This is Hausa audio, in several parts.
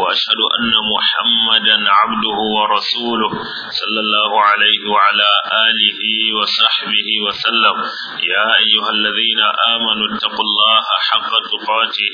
وأشهد أن محمدا عبده ورسوله صلى الله عليه وعلى آله وصحبه وسلم يا أيها الذين آمنوا اتقوا الله حق تقاته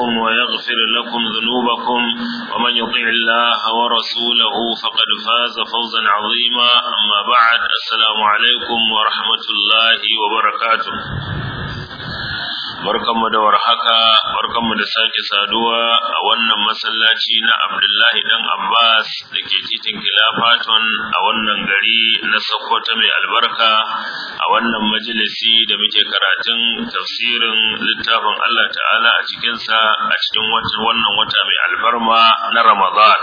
لكم ويغفر لكم ذنوبكم ومن يطع الله ورسوله فقد فاز فوزا عظيما أما بعد السلام عليكم ورحمة الله وبركاته barkanmu da warhaka barkanmu da sake saduwa a wannan masallaci na Abdullahi dan Abbas da dake titin Kilafaton a wannan gari na Sokoto mai albarka a wannan majalisi da muke karatun tafsirin littafin Allah ta'ala a cikin a cikin wannan wata mai albarma na Ramadan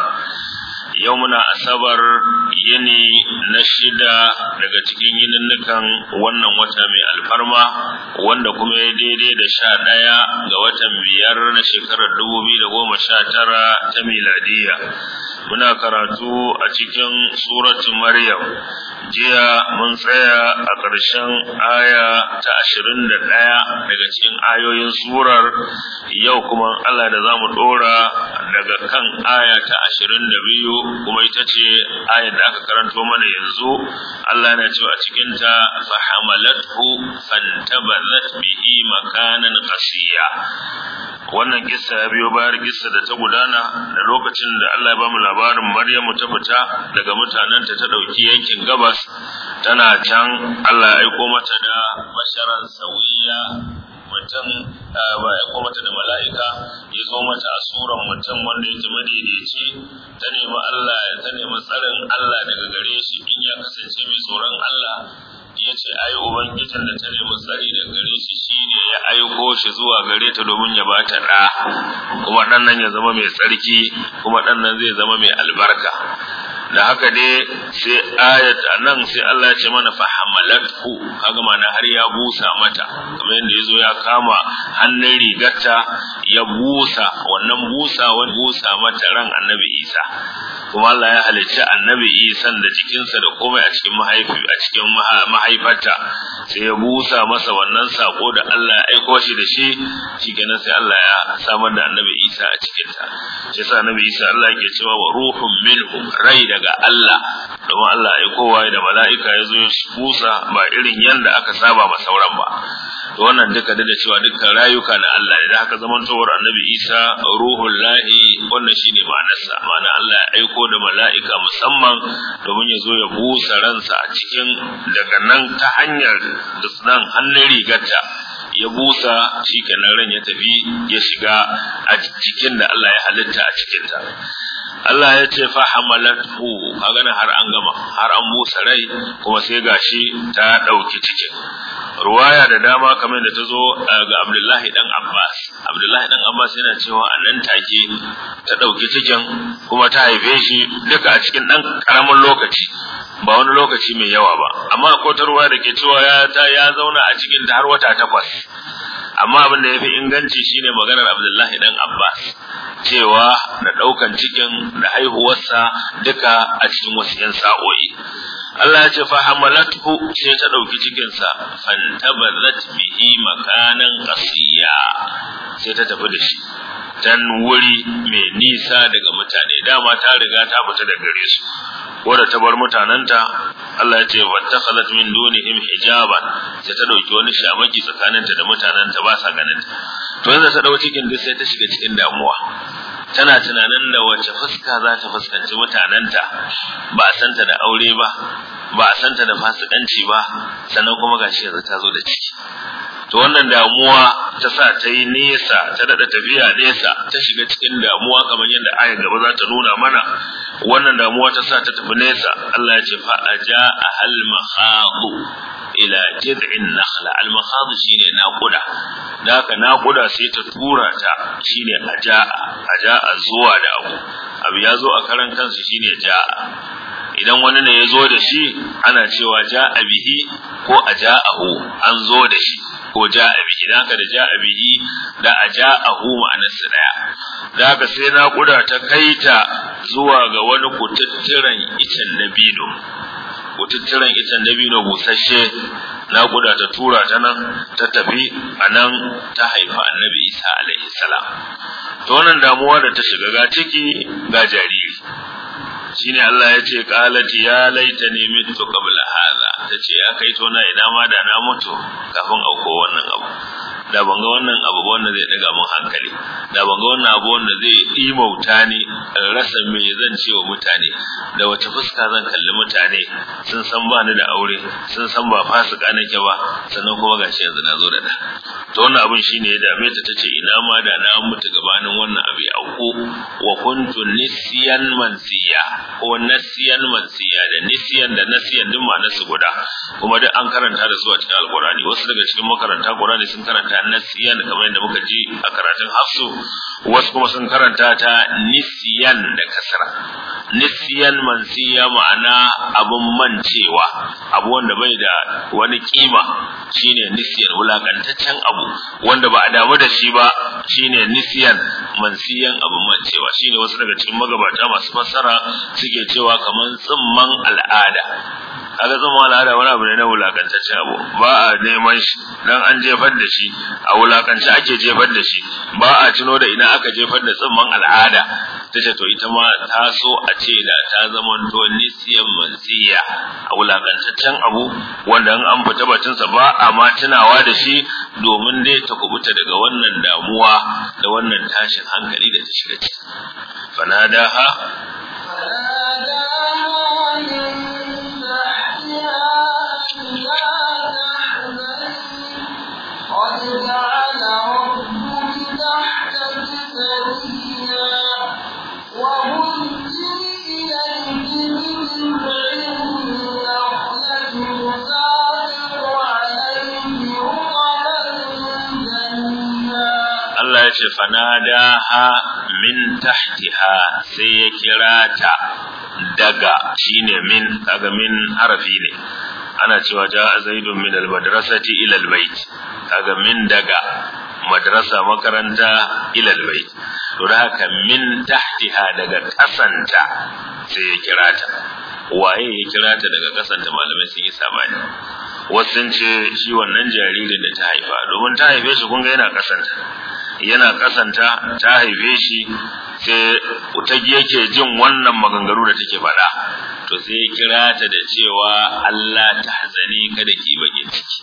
yau muna asabar yini na shida daga cikin yininnikan wannan wata mai alfarma wanda kuma ya daidai da sha ɗaya ga watan biyar na shekarar dubu biyu da goma sha tara ta miladiya muna karatu a cikin suratu Maryam jiya mun tsaya a ƙarshen aya ta ashirin da ɗaya daga cikin ayoyin surar yau kuma Allah da za mu ɗora daga kan aya ta ashirin da biyu, kuma ita ce ayar da aka karanto mana yanzu Allah na cewa a cikin ta fa hamalathu fantabazat bihi makanan qashiya wannan kissa ya biyo bayar kissa da ta gudana da lokacin da Allah ya bamu labarin labarin Maryamu ta fita daga mutanenta ta ɗauki yankin gabas tana can Allah ya aiko mata da basharan sauyiya mutum ba ya aiko mata da mala'ika ya zo mata a suran mutum wanda yake madaidaici ta nemi Allah ta nemi tsarin Allah daga gare shi in ya kasance mai tsoron Allah Yace ce ai ubangijin da ta nemi tsari da gare shi shine ya aiko shi zuwa gare ta domin ya bata ɗa kuma ɗannan ya zama mai tsarki kuma ɗannan zai zama mai albarka da haka dai sai ayat nan sai Allah ya ce mana fa hamalathu kaga mana har ya busa mata kamar yanda yazo ya kama hannun rigarta ya busa wannan busa wani busa mata ran annabi Isa kuma Allah ya halicci annabi Isa da jikinsa da komai a cikin mahaifi a cikin mahaifarta sai ya busa masa wannan sako da Allah ya aiko shi da shi shikenan sai Allah ya samar da annabi Isa a cikin ta Sai sa annabi Isa Allah yake cewa wa ruhum minhum rai da daga Allah domin Allah ya kowa da mala'ika ya zo ya busa ba irin yanda aka saba ba sauran ba to wannan duka da cewa dukkan rayuka na Allah ne da haka zamantowar Annabi Isa ruhul lahi wannan shine ma'anarsa ma'ana Allah ya aiko da mala'ika musamman domin ya zo ya busa ransa a cikin daga nan ta hanyar da nan hannun rigarta ya busa shi kenan ran ya tafi ya shiga a cikin da Allah ya halitta a cikin ta. Allah ya ce fa hamalathu kaga nan har an gama har an busa rai kuma sai gashi ta dauki cikin ruwaya da dama kamar da ta zo eh, ga Abdullahi dan Abbas Abdullahi dan Abbas yana cewa a nan take ta dauki cikin kuma ta haife shi duka a cikin dan karamin lokaci ba wani lokaci mai yawa ba amma ko ta ruwaya da cewa ya ta ya zauna a cikin ta har wata takwas amma abin da yafi inganci shine maganar Abdullahi dan Abbas cewa da daukan cikin da haihuwarsa duka a cikin wasu ‘yan sa'o'i. Allah ya ce fa hamalatku sai ta ɗauki cikinsa fantabarat bihi makanan qasiya sai ta tafi da shi dan wuri mai nisa daga mutane dama ta riga ta fita da gare su wanda ta bar mutananta Allah ya ce ta khalat min dunihim hijaban sai ta dauki wani shamaki tsakaninta da mutananta ba sa ganin to yanzu ta dauki cikin duk sai ta shiga cikin damuwa tana tunanin da wace fuska za ta fuskanci mutanenta ba a santa da aure ba ba a santa da fasikanci ba sannan kuma ga shi yanzu ta zo da ciki to wannan damuwa ta sa ta yi nesa ta daɗa tafiya nesa ta shiga cikin damuwa kamar yadda aya gaba za ta nuna mana wannan damuwa ta sa ta tafi nesa Allah ya ce fa aja ahal mahadu ila jiz'in nakhla al-makhadu shine naquda da haka naquda sai ta tura ta shine ajaa ajaa zuwa da abu abu ya zo a karan kansu shine jaa idan wani ne ya zo da shi ana cewa jaa bihi ko ajaahu an zo da shi ko ja'a bihi dan ka da ja'a bihi da aja'ahu ma'anar su daya da haka sai na kuda ta kaita zuwa ga wani kututturan icen dabino na biyu na busasshe na naƙuda ta tura ta nan ta tafi a nan ta haifa annabi isa alaihi salam to wannan damuwa da ta shiga ga ciki ga jariri Shi shine Allah ya ce qalat ya laitani mitu qabla hadha tace ya kaito na ina ma da na mutu kafin auko wannan abu da ban ga wannan abu ba wanda zai daga mun hankali da ban ga wannan abu wanda zai imauta ni rasa me zan ce wa mutane da wace fuska zan kalli mutane sun san ba ni da aure sun san ba fasika nake ba sannan kuma shi yanzu na zo da da to wannan abin shine ya dame ta tace ina ma da na mutu gabanin wannan abu ya ko wa kuntu nisyan mansiya ko nasiyan mansiya da nisyan da nasiyan din ma nasu guda kuma duk an karanta da su a cikin alqurani wasu daga cikin makaranta qurani sun karanta annasiyan kamar yadda muka ji a karatun hafsu wasu kuma sun karanta ta nisiyan da kasra nisiyan mansiya ma'ana abun mancewa abu wanda bai da wani kima shine nisiyan wulakantaccen abu wanda ba a damu da shi ba shine nisiyan mansiyan abun mancewa shine wasu daga cikin magabata masu fassara suke cewa kamar tsimman al'ada kaga zama al'ada wani abu ne na wulakantacce abu ba a neman shi dan an jefar da shi a wulakance ake jefar da shi ba a tuno da ina aka jefar da tsumman al'ada ta to ita ma ta so a ce da ta zama to nisiyan mansiya a wulakantaccen abu wanda an an fita batunsa ba a ma tunawa da shi domin dai ta kubuta daga wannan damuwa da wannan tashin hankali da ta shiga ciki fanadaha fanadaha Allah ce ha min tahtiha sai ya kira ta daga shine min kaga min harafi ne ana cewa ja zaidun min almadrasati ila albayt kaga min daga madrasa makaranta ila albayt to haka min tahtiha daga kasanta sai ya kira ta waye ya kira ta daga kasanta malamai sun yi sabani wasu sun ce shi wannan jaririn da ta haifa domin ta haife shi kun ga yana kasanta yana kasanta ta haife shi sai utagi yake jin wannan maganganu da take faɗa to sai ya kira ta da cewa Allah ta hazani kada ki bakin ciki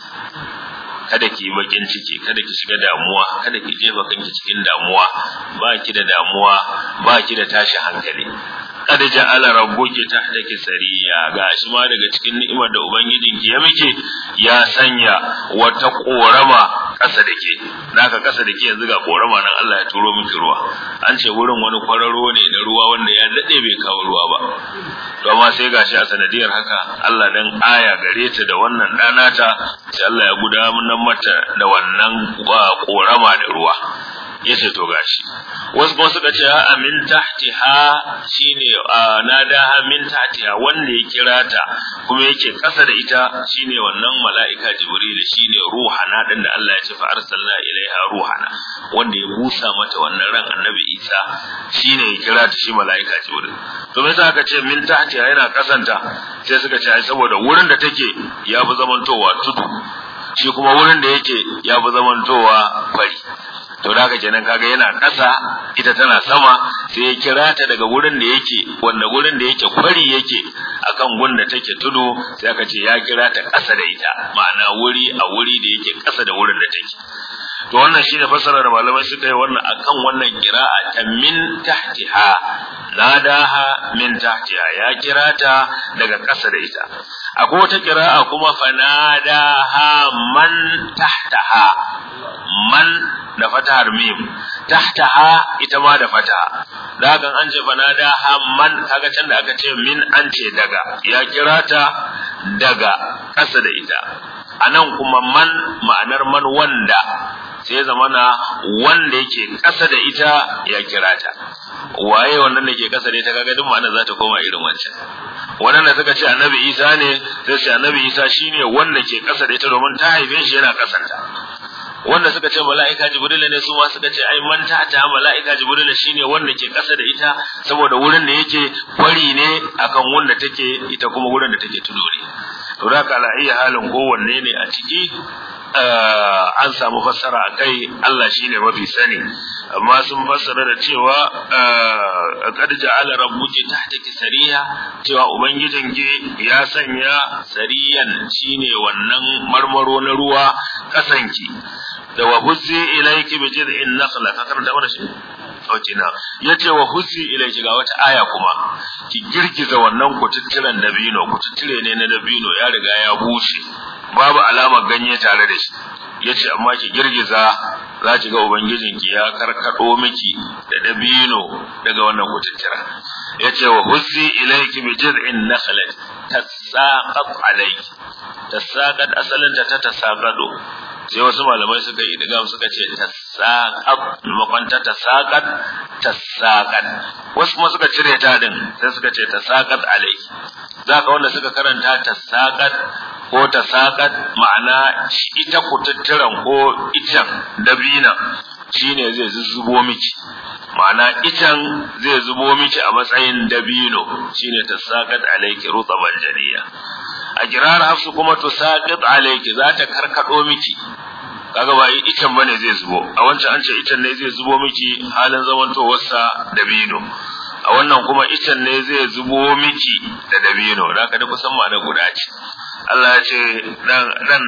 kada ki bakin ciki kada ki shiga damuwa kada ki jefa kanki cikin damuwa ba ki da damuwa ba ki da tashi hankali kad ja'ala rabbuki tahdaki sariya gashi ma daga cikin ni'imar da ubangijinki ya miki ya sanya wata korama kasa da ke naka kasa da ke yanzu ga korama nan Allah ya turo miki ruwa an ce wurin wani kwararo ne na ruwa wanda ya daɗe bai kawo ruwa ba to amma sai gashi a sanadiyar haka Allah dan aya gare ta da wannan ta, sai Allah ya guda gudanar mata da wannan ah, korama da ruwa yace to gashi wasu kuma suka ce a min tahtiha shine na da ha min tahtiha wanda ya kira ta kuma yake kasa da ita shine wannan mala'ika jibril shine ruhana din da Allah ya ce fa arsalna ilaiha ruhana wanda ya busa mata wannan ran annabi isa shine ya kira ta shi mala'ika jibril to me yasa aka ce min tahtiha yana kasanta sai suka ce saboda wurin da take ya fi zamantowa tudu shi kuma wurin da yake ya fi zamantowa fari. to da ka kenan kaga yana ƙasa ita tana sama sai ya kira ta daga gurin da yake wanda gurin da yake kwari yake akan gunda take tudu sai aka ce ya kira ta ƙasa da ita ma'ana wuri a wuri da yake ƙasa da wurin da take to wannan shi da fassara da malamai suka yi wannan akan wannan kira'a ta min tahtiha nadaha min tahtiha ya kira ta daga ƙasa da ita akwai wata a kuma fanadaha man tahtaha man da fatahar mim tahtaha ita ma da fataha dagan an ce ha man kaga can da aka ce min an ce daga ya kirata daga ƙasa da ita anan kuma man ma'anar man wanda sai zamana wanda yake ƙasa da ita ya kirata waye wannan da ke ƙasa da ita kaga duk ma'anar za ta koma irin wancan waɗanda suka ce annabi isa ne sai ce annabi isa shine wanda ke ƙasa da ita domin ta haife shi yana ta. wanda suka ce mala'ika jibril ne su ma suka ce ai man ta ta mala'ika jibril shine wanda ke ƙasa da ita saboda wurin da yake kwari ne akan wanda take ita kuma wurin da take tudore to da ka halin kowanne ne a ciki Eh, an samu fassara a kai Allah shi ne mafi sani amma sun fassara da cewa kad eh, ja'ala rabbuki tahtaki sariya cewa ubangijin ke ya sanya sariyan shine wannan marmaro na ruwa kasanki da wa huzzi ilayki bi jid'in nakhla ka karanta wannan shi Ya ce yace wa husi shiga wata aya kuma ki girgiza wannan kututturen dabino Kututture ne na dabino ya riga ya bushe babu alamar ganye tare da shi yace amma ki girgiza za ki ga ki? ya karkado miki da dabino daga wannan kututtura yace wa hussi ilayki bi jiz'in nakhlat tasaqat alayki tasaqat asalan ta tasaqado sai wasu malamai suka yi idgam suka ce ta tasaqab makwanta ta tasaqat wasu kuma suka cire ta din sai suka ce ta tasaqat alai ka wanda suka karanta ta tasaqat ko ta tasaqat ma'ana ita kututturan ko itan dabina shine zai zuzzubo miki ma'ana itan zai zubo miki a matsayin dabino shine ta alai ki rutsa jadiya ajrar hafsu kuma tusaqit alayki za ta karkado miki kaga ba itan bane zai zubo a wancan an ce itan ne zai zubo miki halin zamantowarsa da bino a wannan kuma itan ne zai zubo miki da dabino da ka da kusan ma'anar guda ce Allah ya ce dan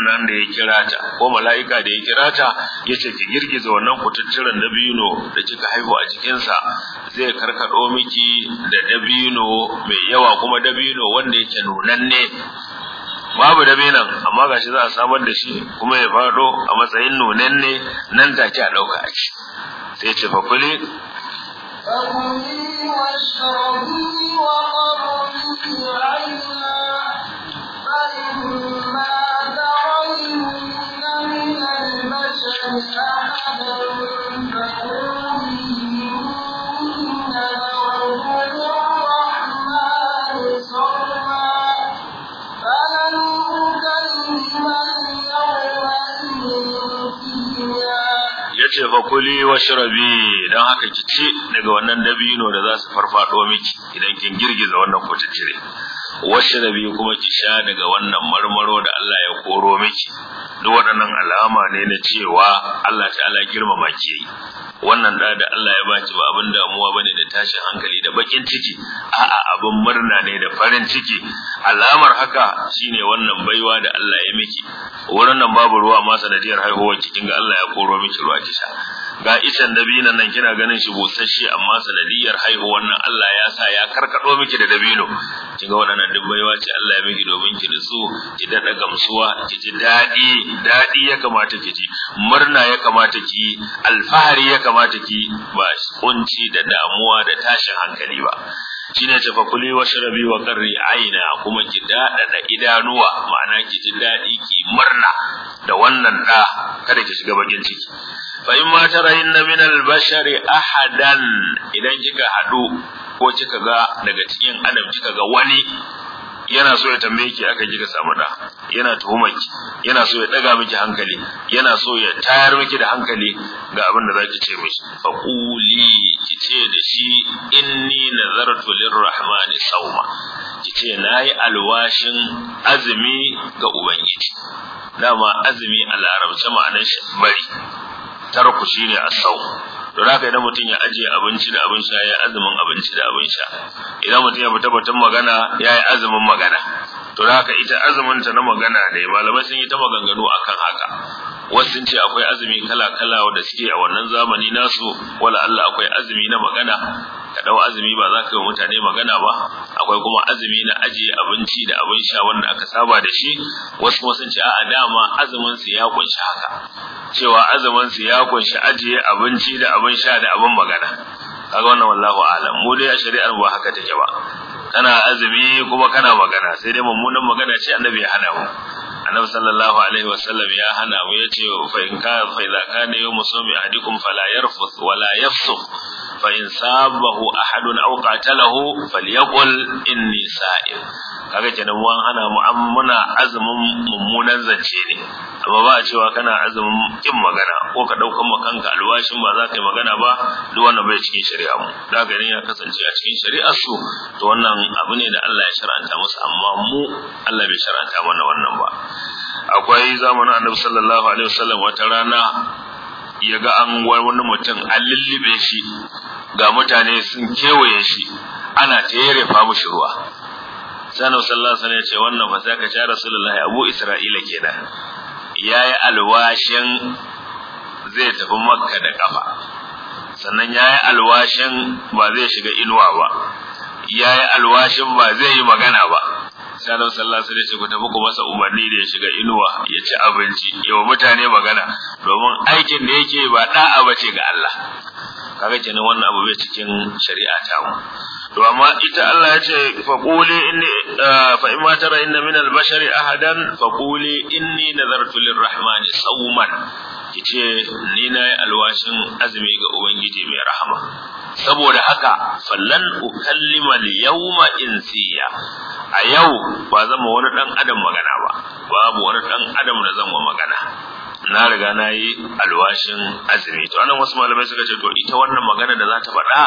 nan da ya kira ta ko mala'ika da ya kira ta ya ce ki girgiza wannan kututturen dabino da kika haihu a cikinsa zai karkado miki da dabino mai yawa kuma dabino wanda yake nunanne babu dabinan amma gashi za a samar da shi kuma ya fado a matsayin nunan ne nan take a dauka a ci sai ce fa kuli Thank you. ce fa kuli washrabi dan haka ki ci daga wannan dabino da za su farfado miki idan kin girgiza wannan kututture Wasu Rabi kuma ki sha daga wannan marmaro da Allah ya koro miki duk waɗannan alama ne na cewa Allah ta'ala girmama ki wannan da da Allah ya baki ba abin damuwa bane da tashin hankali da bakin ciki a'a abin murna ne da farin ciki alamar haka shine wannan baiwa da Allah ya miki wurin nan babu ruwa ma sanadiyar haihuwar ki kinga Allah ya koro miki ruwa ki sha ga icen dabino nan kina ganin shi busasshe amma sanadiyar haihuwar nan Allah ya sa ya karkado miki da dabino kin ga wadannan dubbaiwa wace Allah ya miki domin ki da su ki dada gamsuwa ki ji dadi dadi ya kamata ki ji murna ya kamata ki alfahari ya kamata ki ba kunci da damuwa da tashin hankali ba shine ta fakuli wa sharabi wa qarri aina kuma ki dada da idanuwa ma'ana ki ji dadi ki murna da wannan da kada ki shiga bakin ciki fa in ma tarayin min al-bashari ahadan idan kika hadu ko kika ga daga cikin adam kika ga wani yana so ya tambaye ki aka ji ka samu da yana tuhumar ki yana so ya daga miki hankali yana so ya tayar miki da hankali ga abin da zaki ce miki fa quli ki ce da shi inni nazartu lirrahmani sawma ki ce nayi alwashin azumi ga ubangiji dama azumi a larabce ma'anar shi bari tarku shine asau to za ka idan mutum ya ajiye abinci da abin sha ya azumin abinci da abin sha idan mutum ya fita batun magana ya yi azumin magana to za ka ita azumin ta na magana da malamai sun yi ta maganganu akan haka wasu sun ce akwai azumi kala-kala wanda suke a wannan zamani nasu wala Allah akwai azumi na magana ka dau azumi ba za ka yi mutane magana ba akwai kuma azumi na ajiye abinci da abin sha wanda aka saba da shi wasu kuma sun ce a dama azumin su ya kunshi haka cewa azumin su ya kunshi ajiye abinci da abin sha da abin magana kaga wannan wallahu a'lam mu dai a shari'ar ba haka take ba kana azumi kuma kana magana sai dai mummunan magana ce annabi ya hana mu annabi sallallahu alaihi wasallam ya hana mu yace fa in ka fa idza kana yawmu sawmi ahadikum fala yarfuth wala yafsukh fa in sabahu ahadun aw qatalahu falyaqul inni sa'im kaga kenan wan ana mu an muna azumin mummunan zance ne amma ba a cewa kana azumin kin magana ko ka ma makanka alwashin ba za ka yi magana ba duk wannan bai cikin shari'a mu da ganin ya kasance a cikin shari'a su to wannan abu ne da Allah ya shar'anta musu amma mu Allah bai shar'anta mana wannan ba akwai zamanin Annabi sallallahu alaihi wasallam wata rana ya ga an wani mutum an lullube shi ga mutane sun kewaye shi ana ta yare fa mushi ruwa Annabi sallallahu alaihi wasallam ya ce wannan fa sai ka ce Rasulullahi Abu Isra'ila kenan yayi alwashin zai tafi Makka da kafa sannan yayi alwashin ba zai shiga inuwa ba yayi alwashin ba zai yi magana ba sai Annabi sallallahu alaihi wasallam ya ce ku tafi ku masa umarni da ya shiga inuwa ya ci abinci yawa mutane magana domin aikin da yake ba da'a bace ga Allah kaga kenan wannan abu bai cikin shari'a ta mu to amma ita Allah ya ce faquli inni fa imma tara inna min al-bashari ahadan faquli inni nadartu lirrahmani sawman kice ni nayi alwashin azumi ga ubangiji mai rahama saboda haka fallan ukallima al-yawma insiya a yau ba zama wani dan adam magana ba babu wani dan adam da zan magana na riga na yi alwashin azumi to anan wasu malamai suka ce to ita wannan magana da za ta faɗa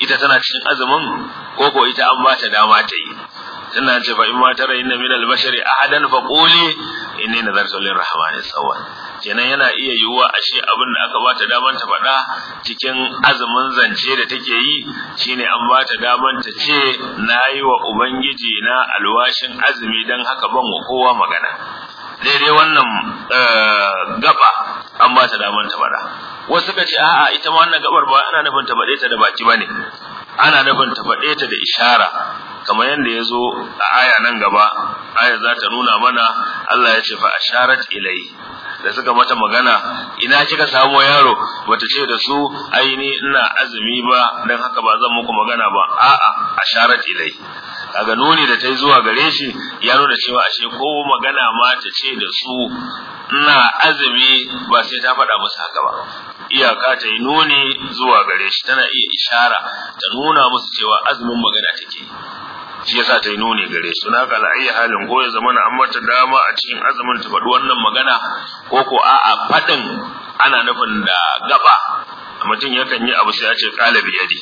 ita tana cikin azumin ko ko ita an ba ta dama ta yi tana ce fa in ma tara inna min al-bashari ahadan fa quli inni nadartu lir-rahmani sawwan kenan yana iya yiwuwa ashe abin da aka bata daman ta faɗa cikin azumin zance da take yi shine an ba ta daman ta ce nayi wa ubangiji na alwashin azumi dan haka ban wa kowa magana daidai wannan eh, gaba an ba ta damar ta faɗa wasu suka ce a'a ita ma wannan gabar ba ana nufin ta bade ta da baki bane ana nufin ta bade ta da ishara kamar yadda ya zo a aya nan gaba aya za ta nuna mana Allah ya ce fa asharat ilai da suka mata magana ina kika samu yaro wata ce da su aini ina azumi ba dan haka ba zan muku magana ba a'a asharat ilai kaga nuni da ta yi zuwa gare shi ya nuna cewa ashe ko magana ma ta ce da su ina azumi ba sai ta faɗa musu haka ba iyaka ta yi nuni zuwa gare shi tana iya ishara ta nuna musu cewa azumin magana take shi yasa ta yi nuni gare su na kala iya halin ko ya zama na amma ta dama a cikin azumin ta faɗi wannan magana ko ko a'a faɗin ana nufin da gaba mutum yakan yi abu sai ya ce kala yadi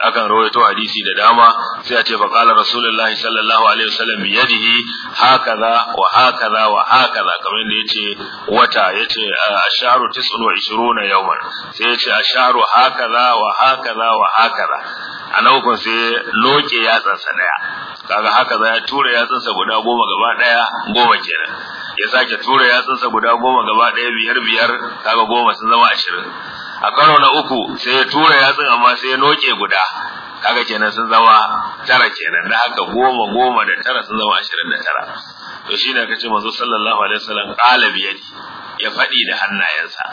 akan rawaito hadisi da dama sai a ce fa qala rasulullahi sallallahu alaihi wasallam bi yadihi hakaza wa hakaza wa hakaza kamar yadda yace wata yace asharu 29 yawman sai yace asharu hakaza wa hakaza wa hakaza ana uku sai loke ya tsansa daya kaga hakaza ya tura ya tsansa guda goma gaba daya goma kenan ya sake tura ya tsansa guda goma gaba daya biyar biyar kaga goma sun zama ashirin. a karo na uku sai ya tura yatsun amma sai ya noke guda kaga kenan sun zama tara kenan da haka goma goma da tara sun zama ashirin da tara to shi shine kace manzo sallallahu alaihi wasallam qala ya faɗi da hannayensa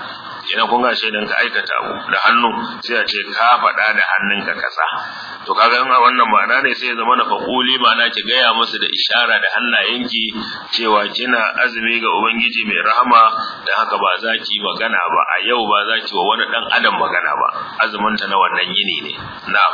ina kun gashe dan ka aikata abu da hannu sai a ce ka faɗa da hannunka kasa to kaga in wannan ma'ana ne sai ya zama na faquli ma'ana ki gaya musu da ishara da hannayenki cewa kina azumi ga ubangiji mai rahama dan haka ba za ki magana ba a yau ba za ki wa wani dan adam magana ba azumin ta na wannan yini ne na'am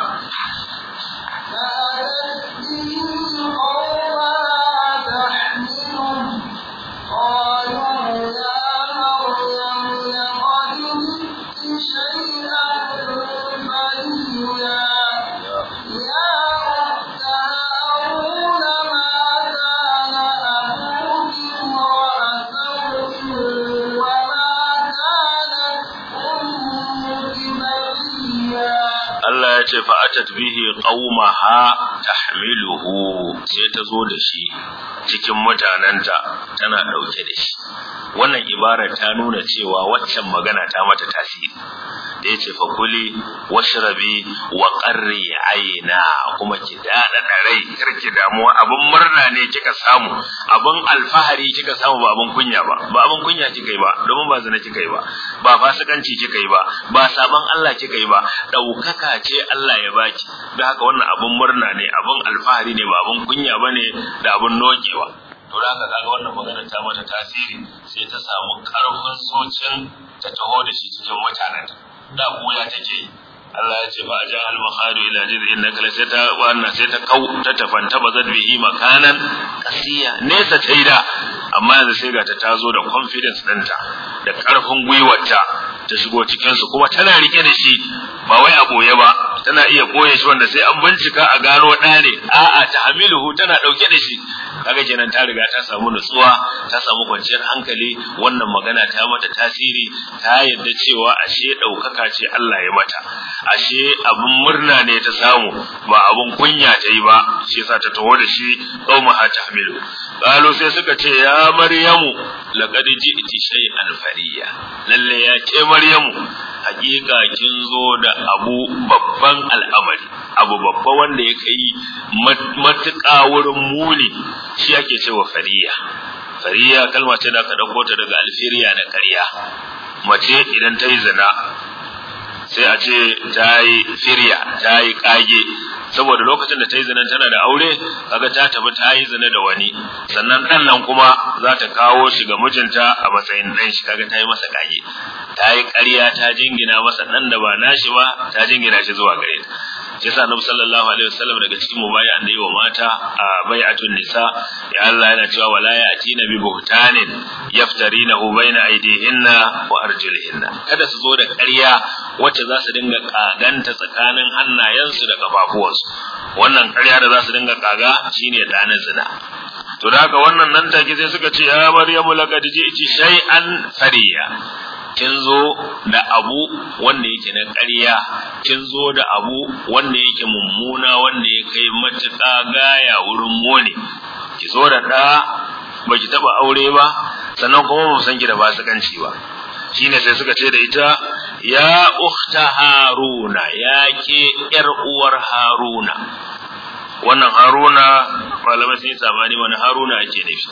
atat bihi qaumaha tahmiluhu sai ta zo da shi cikin mutananta tana dauke da shi wannan ibara ta nuna cewa waccan magana ta mata ta da yace fa kuli washrabi wa qarri aina kuma ki dada da rai kirki damuwa abun murna ne kika samu abun alfahari kika samu ba abun kunya ba ba abun kunya kika yi ba domin ba zina kika yi ba ba fasikanci kika yi ba ba saban Allah kika yi ba Ɗaukaka ce Allah ya baki da haka wannan abun murna ne abun alfahari ne ba abun kunya bane da abun nokewa to da haka kaga wannan magana ta mata tasiri sai ta samu karfin socin ta taho da shi cikin mutanen da goya take yi Allah ya ce ba ja al makhadu ila jidhi innaka la sayta wa anna sai ta ta tafanta bazad bihi makanan kasiya nesa taida amma yanzu sai ga ta tazo da confidence ɗinta da karfin gwiwarta ta shigo cikin su kuma tana rike da shi ba wai a boye ba tana iya koye shi wanda sai an bincika a gano ɗa ne a'a ta hamiluhu tana ɗauke da shi kaga kenan ta riga ta samu nutsuwa ta samu kwanciyar hankali wannan magana ta mata tasiri ta yadda cewa ashe ɗaukaka ce Allah ya mata ashe abin murna ne ta samu ba abin kunya ta yi ba shi yasa ta taho da shi ma ta hamilu. qalu sai suka ce ya maryamu laqad ji'ti shay'an fariya lalle ya ce maryamu hakika kin zo da abu babban al'amari abu babba wanda ya kai matuƙa wurin muni shi ake cewa fariya fariya kalma ce da aka ɗauko ta daga alfiriya na ƙarya mace idan ta yi zina sai a ce ta yi firya ta yi kage saboda lokacin da ta yi zina tana da aure kaga ta tafi ta yi zina da wani sannan ɗan nan kuma za ta kawo shi ga mijinta a matsayin ɗan shi kaga ta yi masa kage ta yi ƙarya ta jingina masa ɗan da ba nashi ba ta jingina shi zuwa gare ta yasa annabi sallallahu alaihi wasallam daga cikin mubaya an yi wa mata a bai'atun nisa ya Allah yana cewa wala ya'tina bi buhtanin yaftarinahu baina aydihinna wa arjulihinna kada su zo da ƙarya wacce za su dinga kaganta tsakanin hannayensu da kafafuwansu wannan ƙarya da za su dinga kaga shine da zina to da haka wannan nan take sai suka ce ya maryamu laqad ji'ti shay'an sariya kin zo da abu wanda yake na ƙarya kin zo da abu wanda yake mummuna wanda ya kai matuƙa gaya wurin mone ki zo da ɗa ba ki taɓa aure ba sannan kuma ba san ki da fasikanci ba shine sai suka ce da ita ya ukhta haruna ya ke yar uwar haruna wannan haruna malamai sun sabani wani haruna ake shi.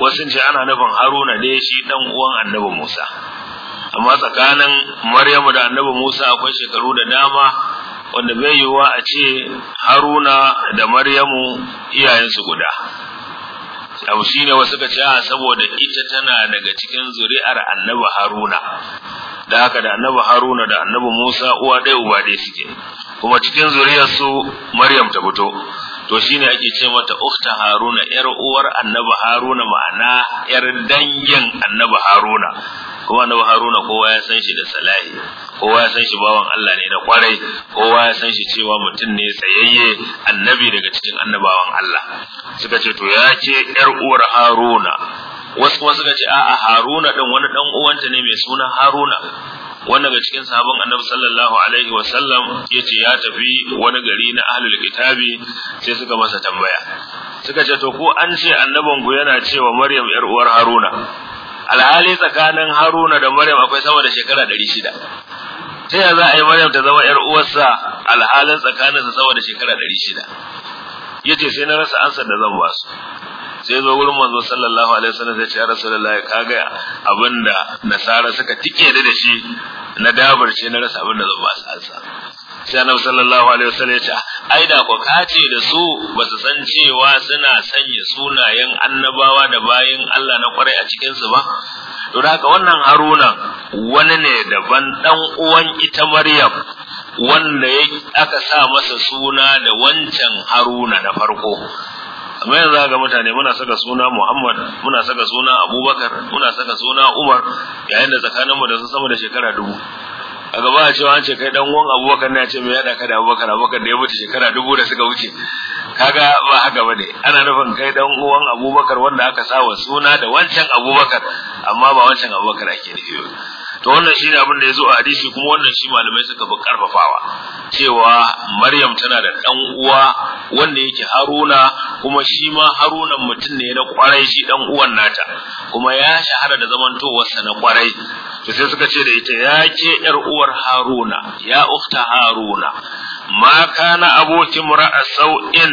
wasu ce ana nufin haruna dai shi dan uwan annabi musa amma tsakanin maryamu da annabi musa akwai shekaru da dama wanda bai yiwuwa a ce haruna da maryamu iyayensu guda abu shi ne wasu ka ce saboda ita tana daga cikin zuri'ar annabi haruna da haka da annabi haruna da annabi musa uwa ɗaya uba ɗaya suke kuma cikin zuriyarsu maryam ta fito to shine ake ce mata ukhta haruna yar uwar annabi haruna ma'ana yar dangin annabi haruna kuma annabi haruna kowa ya san shi da salahi kowa ya san shi bawan Allah ne na kwarai kowa ya san shi cewa mutum ne tsayayye annabi daga cikin annabawan Allah suka ce to ya ce yar uwar haruna wasu wasu ga ce a'a haruna ɗin wani dan uwanta ne mai suna haruna wanda ga cikin sabon annabi sallallahu alaihi wa sallam ya ce ya tafi wani gari na ahlul kitabi sai suka masa tambaya suka ce to ko an ce annaban ku yana cewa maryam yar uwar haruna alhali tsakanin haruna da maryam akwai sama da shekara shida. ta ya za a yi maryam ta zama yar uwarsa alhalin tsakaninsa sama da shekara shida? yace sai na rasa ansar da zan ba su sai zo wurin manzo sallallahu alaihi wasallam sai ce ya rasulullahi kaga abinda nasara suka tike da shi na dabar ce na rasa abinda zan ba su ansa sai annabi sallallahu alaihi wasallam ya ce ai da ku kace da su ba su san cewa suna sanya sunayen annabawa da bayin Allah na kwarai a cikin su ba to haka wannan Haruna wani ne daban dan uwan ita Maryam wanda aka sa masa suna da wancan Haruna na farko amma yanzu ga mutane muna saka suna Muhammad muna saka suna Abubakar muna saka suna Umar yayin da tsakaninmu da su sama da shekara dubu a gaba a cewa an ce kai dan uwan Abubakar ne ya ce me ya daka da Abubakar Abubakar da ya wuce shekara dubu da suka wuce kaga ba haka bane ana nufin kai dan uwan Abubakar wanda aka sa wa suna da wancan Abubakar amma ba wancan Abubakar ake nufi ba to wannan shi ne abin da ya zo a hadisi kuma wannan shi malamai suka bi karfafawa cewa Maryam tana da dan uwa wanda yake Haruna kuma shi ma Haruna mutum ne na kwarai shi dan uwan nata kuma ya shahara da zamantowarsa na kwarai to sai suka ce da ita ya ke yar uwar Haruna ya ukhta Haruna ma kana abokin ra'a sau'in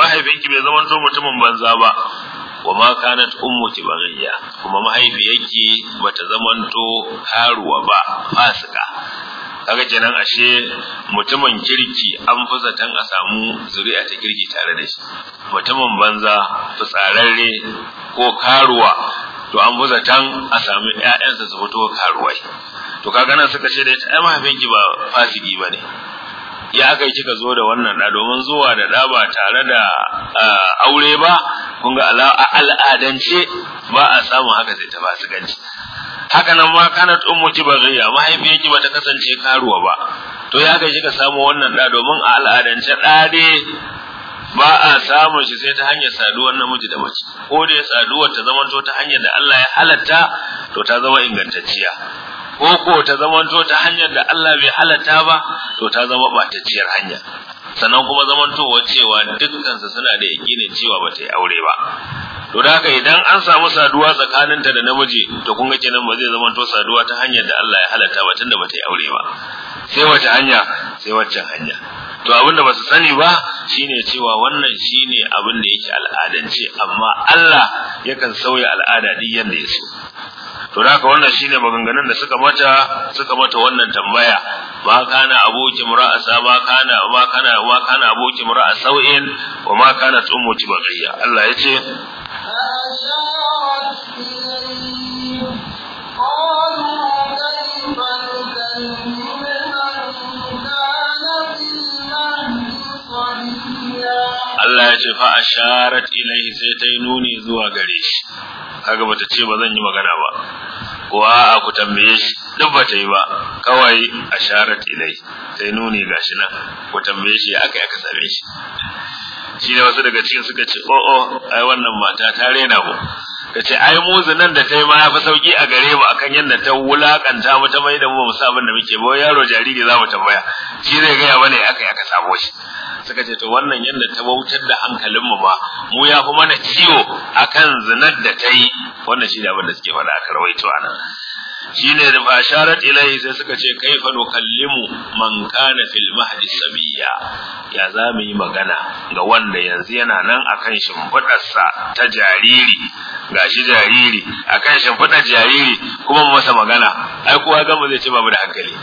mahaifinki bai zamanto mutumin banza ba wa ma kanat ummuki baghiya kuma mahaifiyarki bata zamanto karuwa ba fasika kaga kenan ashe mutumin kirki an fi tan a samu zuri'a ta kirki tare da shi mutumin banza fitsararre ko karuwa to an fi tan a samu ƴaƴansa su fito karuwai to kaga nan suka ce da ita ai mahaifinki ba fasiki bane ya kai kika zo da wannan da domin zuwa da ɗa ba tare da aure ba kun ga al'adance ba a samun haka sai ta ganci haka nan ma kana ummu ki baghiya mahaifiyarki ta kasance karuwa ba to ya kai kika samu wannan da domin a al'adance da dai ba a samun shi sai ta hanyar saduwar namiji da mace ko da saduwar ta zamanto ta hanyar da Allah ya halatta to ta zama ingantacciya ko ko ta zamanto ta hanyar da Allah bai halatta ba to ta zama ciyar hanya sannan kuma zamantowa cewa dukkansa suna da yakinin cewa ba ta yi aure ba to da haka idan an samu saduwa tsakaninta da namiji to kun ga kenan ba zai to saduwa ta hanyar da Allah ya halatta ba tunda ba ta yi aure ba sai wace hanya sai waccan hanya to abin da su sani ba shine cewa wannan shine abin da yake al'adance amma Allah yakan sauya al'ada din yanda ya so to da haka wannan shine maganganun da suka mata suka mata wannan tambaya ba kana aboki mura'asa ba kana ba kana ba kana aboki sau'in wa ma kana ci baqiya Allah yace Allah ya ce fa asharat ilaihi sai ta yi nuni zuwa gare shi kaga bata ce ba zan yi magana ba kuwa a'a ku tambaye shi duk ba ta yi ba kawai a asharat tilai sai nuni ga shi nan ku tambaye shi aka aka same shi shi ne wasu daga cikin suka ce o oh, o oh, ai wannan mata ta rena mu ta ce ai muzu nan da yi ma ya fi sauki a gare mu akan yadda ta wulakanta mu ta mai da mu ba da muke ba yaro jariri za mu tambaya shi zai gaya ne aka yi aka samo shi suka ce to wannan yanda ta bautar da hankalin mu ba mu ya fi mana ciwo akan zinar da ta yi wannan shi ne abin da suke faɗa aka rawaito anan ne da basharat ilahi sai suka ce kai kaifa kallimu man kana fil mahdi sabiya ya za mu yi magana ga wanda yanzu yana nan akan shimfiɗarsa ta jariri gashi jariri akan shimfiɗar jariri kuma mu masa magana ai kowa ga mu zai ce babu da hankali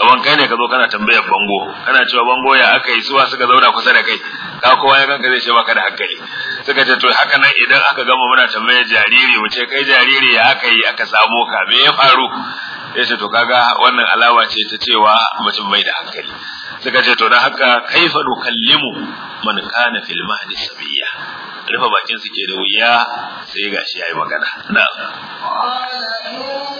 kaman kai ne ka zo kana tambayar bango kana cewa bango ya aka yi suwa suka zauna kusa da kai ka kowa ya kanka zai ce baka da hankali suka ce to haka nan idan aka gama muna tambayar jariri mu ce kai jariri ya aka yi aka samu ka me ya faru ya ce to kaga wannan alama ce ta cewa mutum bai da hankali suka ce to dan haka kaifa nukallimu man kana fil mahdi sabiya rufe bakin su ke da wuya sai gashi yayi magana na'am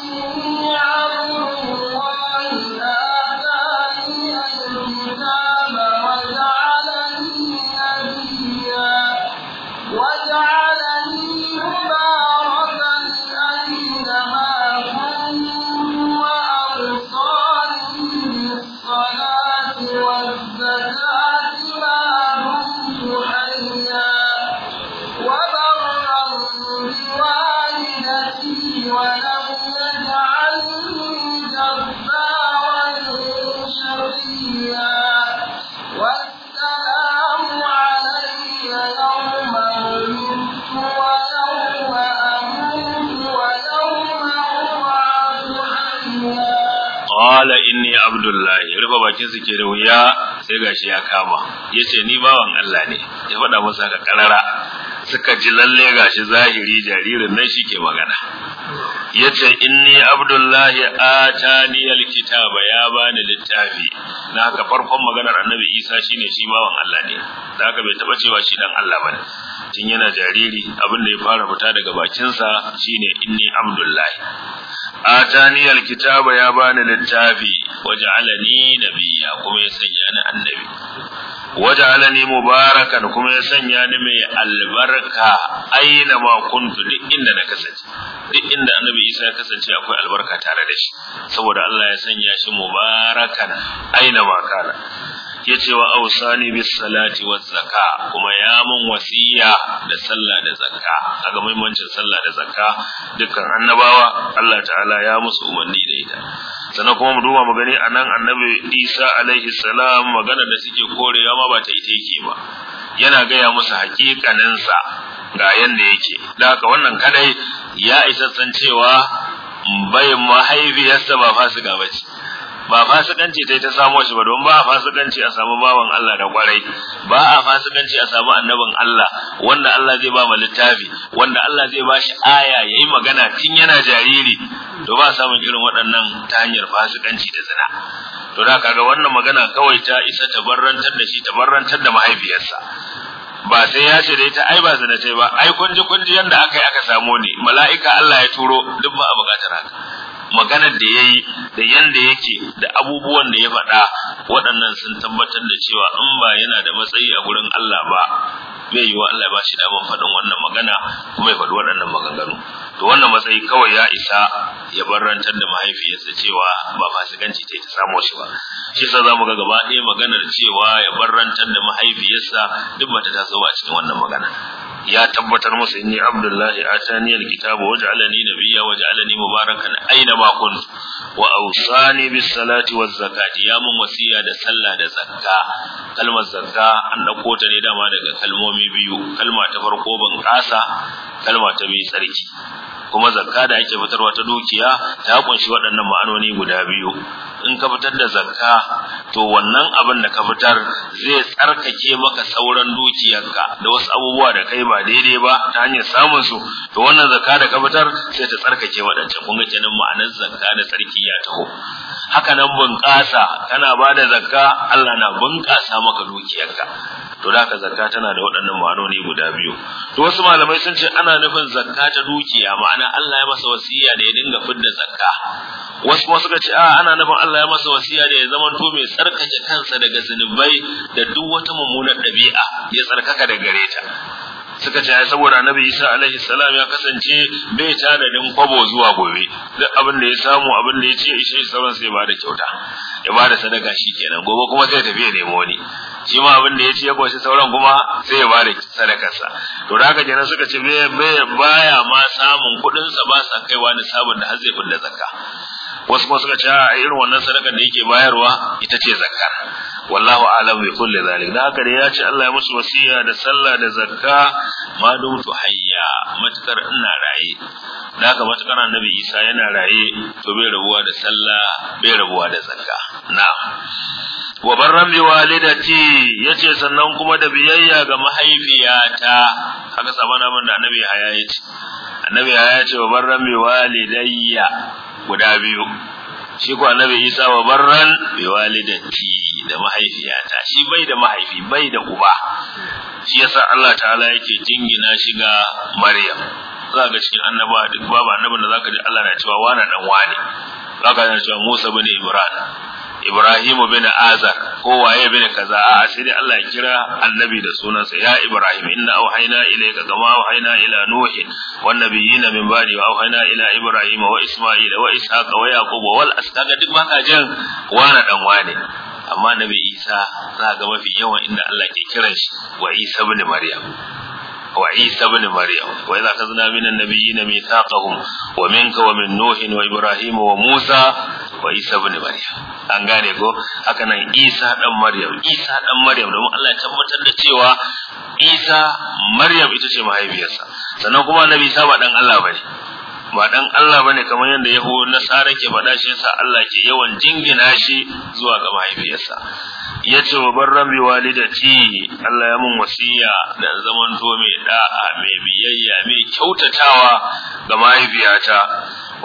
bakinsu ke da wuya sai gashi ya kama ya ce ni bawan Allah ne ya faɗa masa ka ƙarara, suka ji lalle gashi zahiri jaririn nan shi ke magana ya ce inni abdullahi niyar kitaba ya bani littafi na haka farkon maganar annabi isa shine shi bawan Allah ne da haka bai taba cewa shi dan Allah bane tun yana jariri abin da ya fara fita daga bakinsa shine inni abdullahi atani alkitaba ya bani littafi waj'alani nabiyya kuma ya sanya ni annabi waj'alani mubarakan kuma ya sanya ni mai albarka aina ma duk inda na kasance duk inda annabi Isa ya kasance akwai albarka tare da shi saboda Allah ya sanya shi mubarakan aina makana. yace wa ausani bis salati waz zakka kuma ya mun wasiya da sallah da zakka kaga muhimmancin sallah da zakka dukkan annabawa Allah ta'ala ya musu umarni da ita sannan kuma mu duba magani gani anan annabi Isa alaihi salam magana da suke korewa ma ba ta ita yake ba yana gaya musu sa ga yanda yake da haka wannan kadai ya isa san cewa bai mahaifiyarsa ba fasika bace ba fasikanci tai ta samo shi ba don ba a fasikanci a samu bawan Allah da kwarai ba a fasikanci a samu annabin Allah wanda Allah zai ba mu littafi wanda Allah zai ba shi aya ya yi magana tun yana jariri to ba samun irin waɗannan ta hanyar fasikanci da zina to da kaga wannan magana kawai ta isa tabarrantar da shi tabarrantar da mahaifiyarsa ba sai ya ce dai ta ai ba zina ce ba ai kunji kunji yanda aka yi aka samo ne mala'ika Allah ya turo duk ba a bukatar haka maganar da ya yi da yanda yake da abubuwan da ya faɗa waɗannan sun tabbatar da cewa in ba yana da matsayi a gurin Allah ba bai yi wa Allah ba shi da ban faɗin wannan magana kuma ya faɗi waɗannan maganganu Da wannan matsayi kawai ya isa ya barrantar da mahaifiyarsa cewa ba fasikanci ganci ta samo shi ba shi za mu ga gaba ɗaya maganar cewa ya barrantar da mahaifiyarsa duk mata ta zuwa cikin wannan magana ya tabbatar musu inni abdullahi atani waje waj'alani nabiyya waj'alani mubarakan aina ma kun wa awsani bis salati waz zakati ya mun wasiya da sallah da zakka kalmar zakka an dauko ta ne dama daga kalmomi biyu kalma ta farko ban kasa kalma ta biyu tsarki kuma zakka da ake fitarwa ta dukiya ta kunshi waɗannan ma'anoni guda biyu in ka fitar da zakka to wannan abin da ka fitar zai tsarkake maka sauran dukiyarka da wasu abubuwa da kai ba daidai ba ta hanyar samun su to wannan zakka da ka fitar sai ta tsarkake waɗancan kun ga kenan ma'anar zakka da tsarki ya taho haka nan bunƙasa kana ba da zakka Allah na bunƙasa maka dukiyarka to da ka zakka tana da waɗannan ma'anoni guda biyu to wasu malamai sun ce ana nufin zakka ta dukiya ma'ana Allah ya masa wasiya da ya dinga fidda zakka wasu wasu suka ce a ana nufin Allah ya masa wasiya da ya zama to mai tsarkake kansa daga zunubai da duk wata mummunar ɗabi'a ya tsarkaka da gare ta suka ce saboda annabi Isa alaihi salam ya kasance bai tanadin kwabo zuwa gobe duk abin da ya samu abin da ya ce ishe sauran sai ba da kyauta ya bada sadaka shi kenan, gobe kuma zai tafi ya nemo wani shi ma abin da ya ci ya koshi sauran kuma sai ya bada sadakarsa to da haka kenan suka ce baya ma samun kuɗinsa sa ba sa kaiwa ni sabon da har zai fidda zakka wasu kuma suka ce a irin wannan sadakar da yake bayarwa ita ce zakkar wallahu a'lam bi kulli zalik Da haka da ya ce Allah ya musu wasiya da sallah da zakka ma dumtu hayya matukar ina raye Da haka matakar annabi Isa yana raye to bai rabuwa da sallah bai rabuwa da zakka na'am wa barran bi walidati yace sannan kuma da biyayya ga mahaifiyata haka sabana abin da annabi haya yace annabi haya ce wa barran bi walidayya guda biyu shi ko annabi Isa wa barran bi walidati da mahaifiyata shi bai da mahaifi bai da uba shi yasa Allah ta'ala yake jingina shi ga Maryam za ga cikin annaba duk babu annaba da zaka ji Allah na cewa wani dan wani zaka ji cewa Musa bane Ibrahim. Ibrahimu bin Azar ko waye bin kaza a sai dai Allah ya kira annabi da sunansa ya Ibrahim inna auhayna ilayka kama auhayna ila nuh wan nabiyina min ba'di wa auhayna ila Ibrahim wa Isma'il wa Ishaq wa Yaqub wal asqaga duk baka jan wani dan wane amma nabi Isa za ga mafi yawan inda Allah ke kiran shi wa Isa ibn Maryam وعيسى بن مريم وإذا أخذنا من النبيين ميثاقهم ومنك ومن نوح وإبراهيم وموسى Ba Isa bane Maryam an gane ko haka nan Isa dan Maryam Isa dan Maryam domin Allah ya tabbatar da cewa Isa Maryam ita ce mahaifiyarsa sannan kuma Annabi Isa ba dan Allah bane ba dan Allah bane kamar yadda na nasara ke faɗa shi yasa Allah ke yawan jingina shi zuwa ga mahaifiyarsa Ya yace wa bar bi walidati Allah ya mun wasiya da zaman to mai da'a mai biyayya mai kyautatawa ga mahaifiyata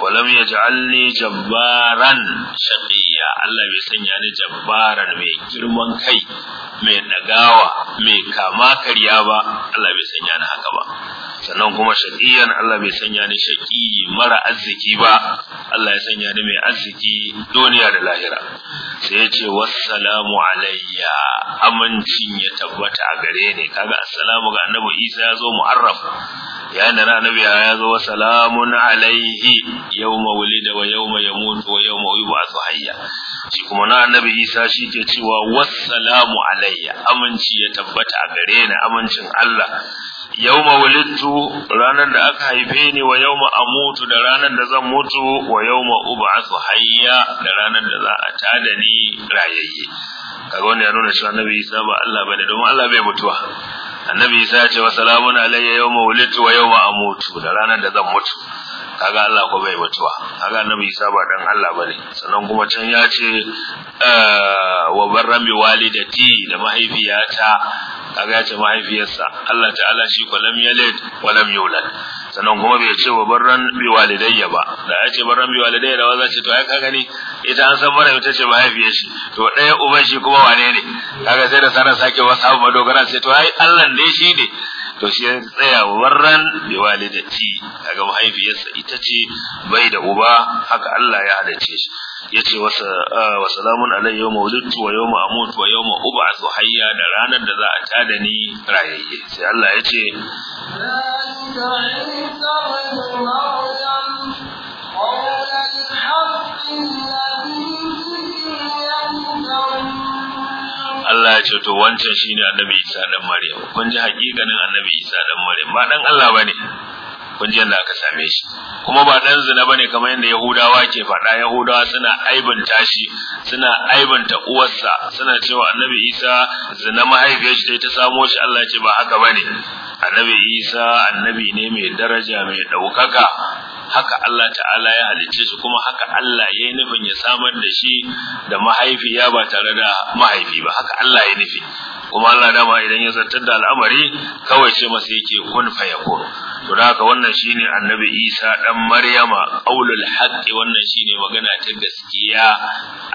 walam yaj'alni jabbaran shaqiya Allah bai sanya ni jabbaran mai girman kai mai nagawa, mai kama kariya ba Allah bai sanya ni haka ba sannan kuma shaqiyan Allah bai sanya ni shaqi mara arziki ba Allah ya sanya ni mai arziki duniya da lahira sai ya ce wassalamu alayya amincin ya tabbata a gare ni kaga assalamu ga annabi Isa ya zo mu'arraf ya nana annabi ya zo wassalamu salamun alayhi yawma wulida wa yawma yamutu wa yawma yub'athu hayya shi kuma na annabi Isa shi ke cewa wassalamu alayya aminci ya tabbata a gare ni amincin Allah yawma wulidtu ranar da aka haife ni wa yawma amutu da ranar da zan mutu wa yawma ub'athu hayya da ranar da za a tada ni rayayye kaga wanda ya nuna cewa annabi Isa ba Allah bane domin Allah bai mutuwa annabi Isa ya ce wa salamun alayya yawma wulidtu wa yawma amutu da ranar da zan mutu kaga Allah ko bai mutuwa kaga annabi Isa ba dan Allah bane sannan kuma can ya ce ah, wa barrami walidati da mahaifiyata kaga ya ce mahaifiyarsa Allah ta'ala shi ko lam yalid wa lam yulad sannan kuma bai ce wa barran bi walidayya ba da ya ce barran bi walidayya da wazace to ai ka gani ita an san mana ita ce mahaifiyar to ɗaya uban shi kuma wane ne kaga sai da sana sake wasa madogara sai to ai Allah ne shi ne to shi tsaya warran bi walidati kaga mahaifiyarsa ita ce bai da uba haka Allah ya halice shi yace wasa ah, wa salamun alayya yawma wulidtu wa yawma amutu wa yawma ub'athu hayya da ranar da za a tada ni rayayye sai Allah yace Allah ya ce to wancan shine annabi Isa dan Maryam kun ji hakikanin annabi Isa dan Maryam ba dan Allah bane kun ji yadda same shi kuma ba dan zina bane kamar yadda yahudawa ke faɗa yahudawa suna aibin shi suna aibanta uwarsa suna cewa annabi isa zina mahaifiyar shi ta samo shi Allah ya ce ba haka bane annabi isa annabi ne mai daraja mai ɗaukaka haka Allah ta'ala ya halicce shi kuma haka Allah ya yi nufin ya samar da shi da mahaifiya ba tare da mahaifi ba haka Allah ya nufi kuma Allah dama idan ya zartar da al'amari kawai ce masa yake kun fayakun to haka wannan shine annabi Isa dan Maryama qaulul haqqi wannan shine magana ta gaskiya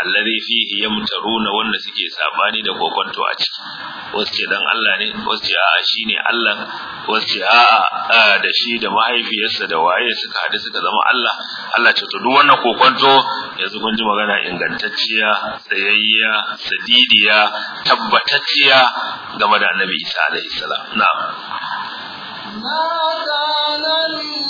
allazi fihi yamtaruna wanda suke sabani da kokonto a ciki wasu dan Allah ne wasu a'a shine Allah wasu a'a da shi da mahaifiyarsa da waye suka hadu suka zama Allah Allah ce to duk wannan kokonto yanzu kun ji magana ingantacciya tsayayya sadidiya tabbatacciya game da annabi Isa alaihi salam na'am ما كان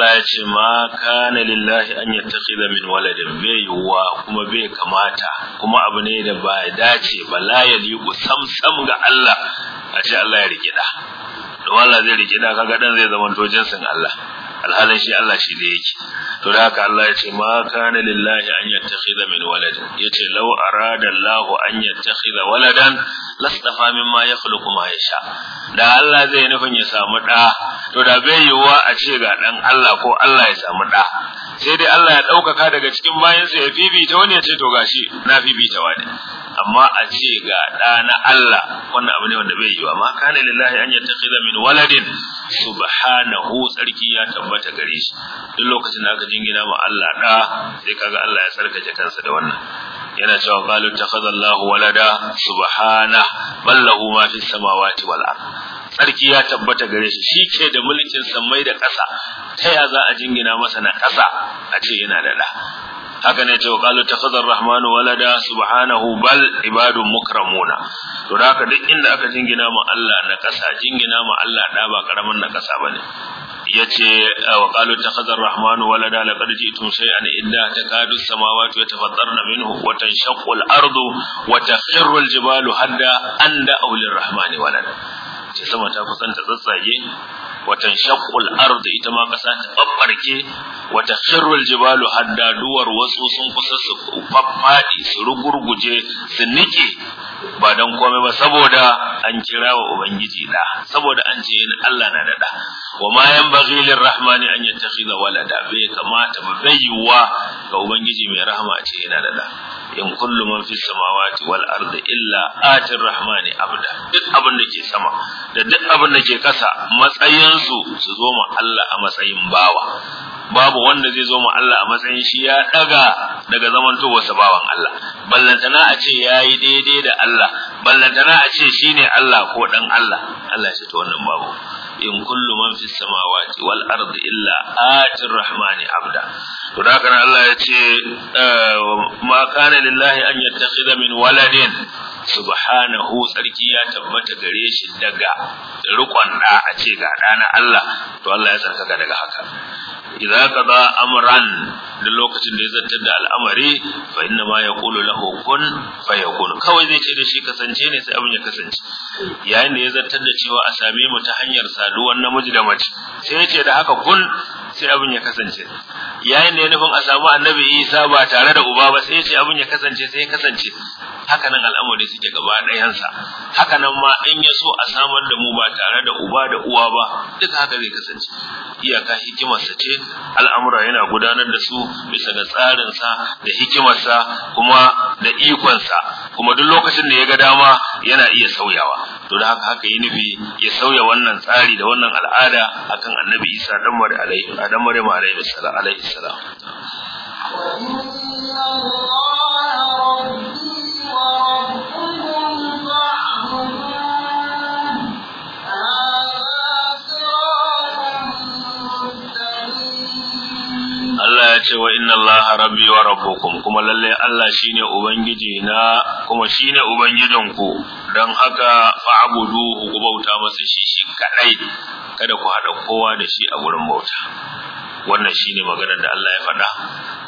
Allah ya ce ma kana lillahi an yattakhidha min waladin bai yuwa kuma bai kamata kuma abu ne da ba dace ba la yaliqu samsam ga Allah a ce Allah ya rike da to Allah zai rike da kaga dan zai zama tojin jinsin Allah alhalin shi Allah shi da yake to da haka Allah ya ce ma kana lillahi an yattakhidha min waladin yace law arada Allah an yattakhidha waladan lastafa mimma yakhluqu ma yasha da Allah zai nufin ya samu da to da bai yiwuwa a ce ga dan Allah ko Allah ya samu da sai dai Allah ya ɗaukaka daga cikin bayansa ya fifita wani ya ce to gashi na fifita wani amma a ce ga ɗa na Allah wannan abu ne wanda bai yiwa ma kana lillahi an yattakhidha min waladin subhanahu sarki ya tabbata gare shi duk lokacin da aka jingina ma Allah ɗa sai kaga Allah ya sarkace kansa da wannan yana cewa qalu takhadha Allahu walada subhana ballahu ma fi samawati wal ardh tsarki ya tabbata gare shi shi ke da mulkin samai da ƙasa ta ya za a jingina masa na ƙasa a ce yana da ɗa haka ne ce ta takhadar rahmanu walada subhanahu bal ibadun mukramuna to da haka duk inda aka jingina ma Allah na ƙasa jingina ma Allah da ba karamin na ƙasa ne. yace wa qalu takhadha ar-rahmanu walada laqad ji'tum shay'an idda takadu as-samawati yatafattarna minhu wa tanshaqqu al-ardu wa takhirru al-jibalu hadda anda awlir rahmani walada ce sama ta kusan ta tsatsage watan shaqqul da ita ma kasa ta babbarke wata sirrul jibalu daduwar wasu sun kusa su faffadi su rugurguje su nike ba dan komai ba saboda an kira wa ubangiji da saboda an ce Allah na da da wa ma yanbaghi lirrahmani an yattakhidha walada bai kamata ba bai yiwuwa ga ubangiji mai rahama ce yana da da in kullu man fis samawati wal ardi illa atir rahmani abda duk abin da ke sama da duk abin da ke kasa matsayinsu su zo ma Allah a matsayin bawa babu wanda zai zo ma Allah a matsayin shi ya daga daga wasa bawan Allah ballantana a ce yayi daidai da Allah ballantana a ce shine Allah ko dan Allah Allah ya to wannan babu in kullu man fis samawati wal ardi illa atir rahmani abda to da kana Allah ya ce eh, ma kana lillahi an yattakhidha min waladin subhanahu sarki ya tabbata gare shi daga rukon da a ce ga dana Allah to Allah ya tsarkaka daga haka idza qada amran da lokacin da ya zartar da al'amari fa inna ma yaqulu lahu kun fayakun kawai zai ce da shi kasance ne sai abin ya kasance yayin da ya zartar da cewa a same mu ta hanyar saduwar namiji da mace sai ya ce da haka kun sai abin ya kasance yayin ne nufin a samu annabi Isa ba tare da uba ba sai ya ce abin ya kasance sai ya kasance haka nan al'amari suke gaba ɗayansa haka nan ma in ya so a samar da mu ba tare da uba da uwa ba duka haka zai kasance iyaka hikimarsa ce al'amura yana gudanar da su bisa ga tsarinsa da hikimarsa kuma da ikonsa kuma duk lokacin da ya ga dama yana iya sauyawa to da haka haka yi nufi ya sauya wannan tsari da wannan al'ada akan annabi isa dan mare alaihi dan maryam alaihi salam alaihi salam Allah ya ce wa inna Allah rabbi wa rabbukum kuma lalle Allah shine ubangiji na kuma shine ubangijinku dan haka fa abuduhu ku bauta masa shi shi kadai kada ku hada kowa da shi a gurin bauta wannan shine maganar da Allah ya faɗa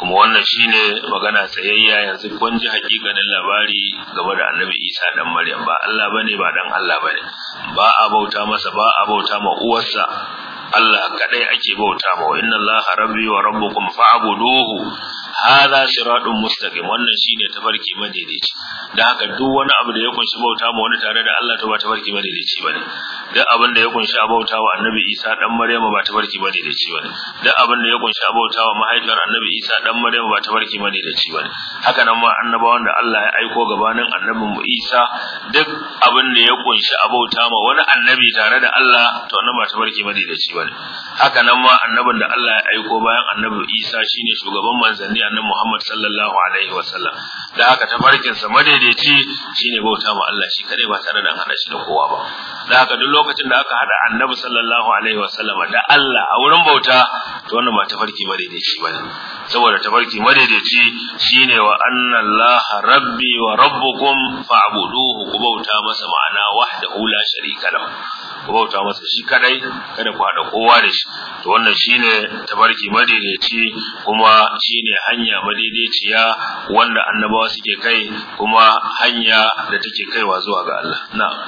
kuma wannan shine magana tsayayya yanzu kun ji hakikanin labari game da Annabi Isa dan Maryam ba Allah bane ba dan Allah bane ba a bauta masa ba a bauta ma uwarsa Allah kadai ake bauta ma inna Allah rabbi wa rabbukum fa'buduhu hadha siratun mustaqim wannan shine tafarki madaidaici dan haka duk wani abu da ya kunshi bauta ma wani tare da Allah to ba tafarki madaidaici bane duk abin da ya kunshi bauta wa annabi Isa dan Maryam ba tafarki madaidaici bane duk abin da ya kunshi bauta wa mahaifiyar annabi Isa dan Maryam ba tafarki madaidaici bane haka nan ma annabawan da Allah ya aiko gabanin annabin mu Isa duk abin da ya kunshi bauta ma wani annabi tare da Allah to wannan ba tafarki madaidaici bane haka nan ma annabin da Allah ya aiko bayan annabi Isa shine shugaban manzanni manhaji annabi Muhammad sallallahu alaihi wasallam da haka tafarkin sa madaidaici shine bauta ma Allah shi kare ba tare da hada shi da kowa ba da haka duk lokacin da aka hada annabi sallallahu alaihi wasallam da Allah a wurin bauta to wannan ba tafarki madaidaici bane saboda tafarki madaidaici shine wa anna Allah rabbi wa rabbukum fa'buduhu ku bauta masa ma'ana wahdahu la sharika lahu ku bauta masa shi kadai kada ku haɗa kowa da shi to wannan shine tabarki madaidaici kuma shine hanya madaidaiciya wanda annabawa suke kai kuma hanya da take kaiwa zuwa ga Allah na'am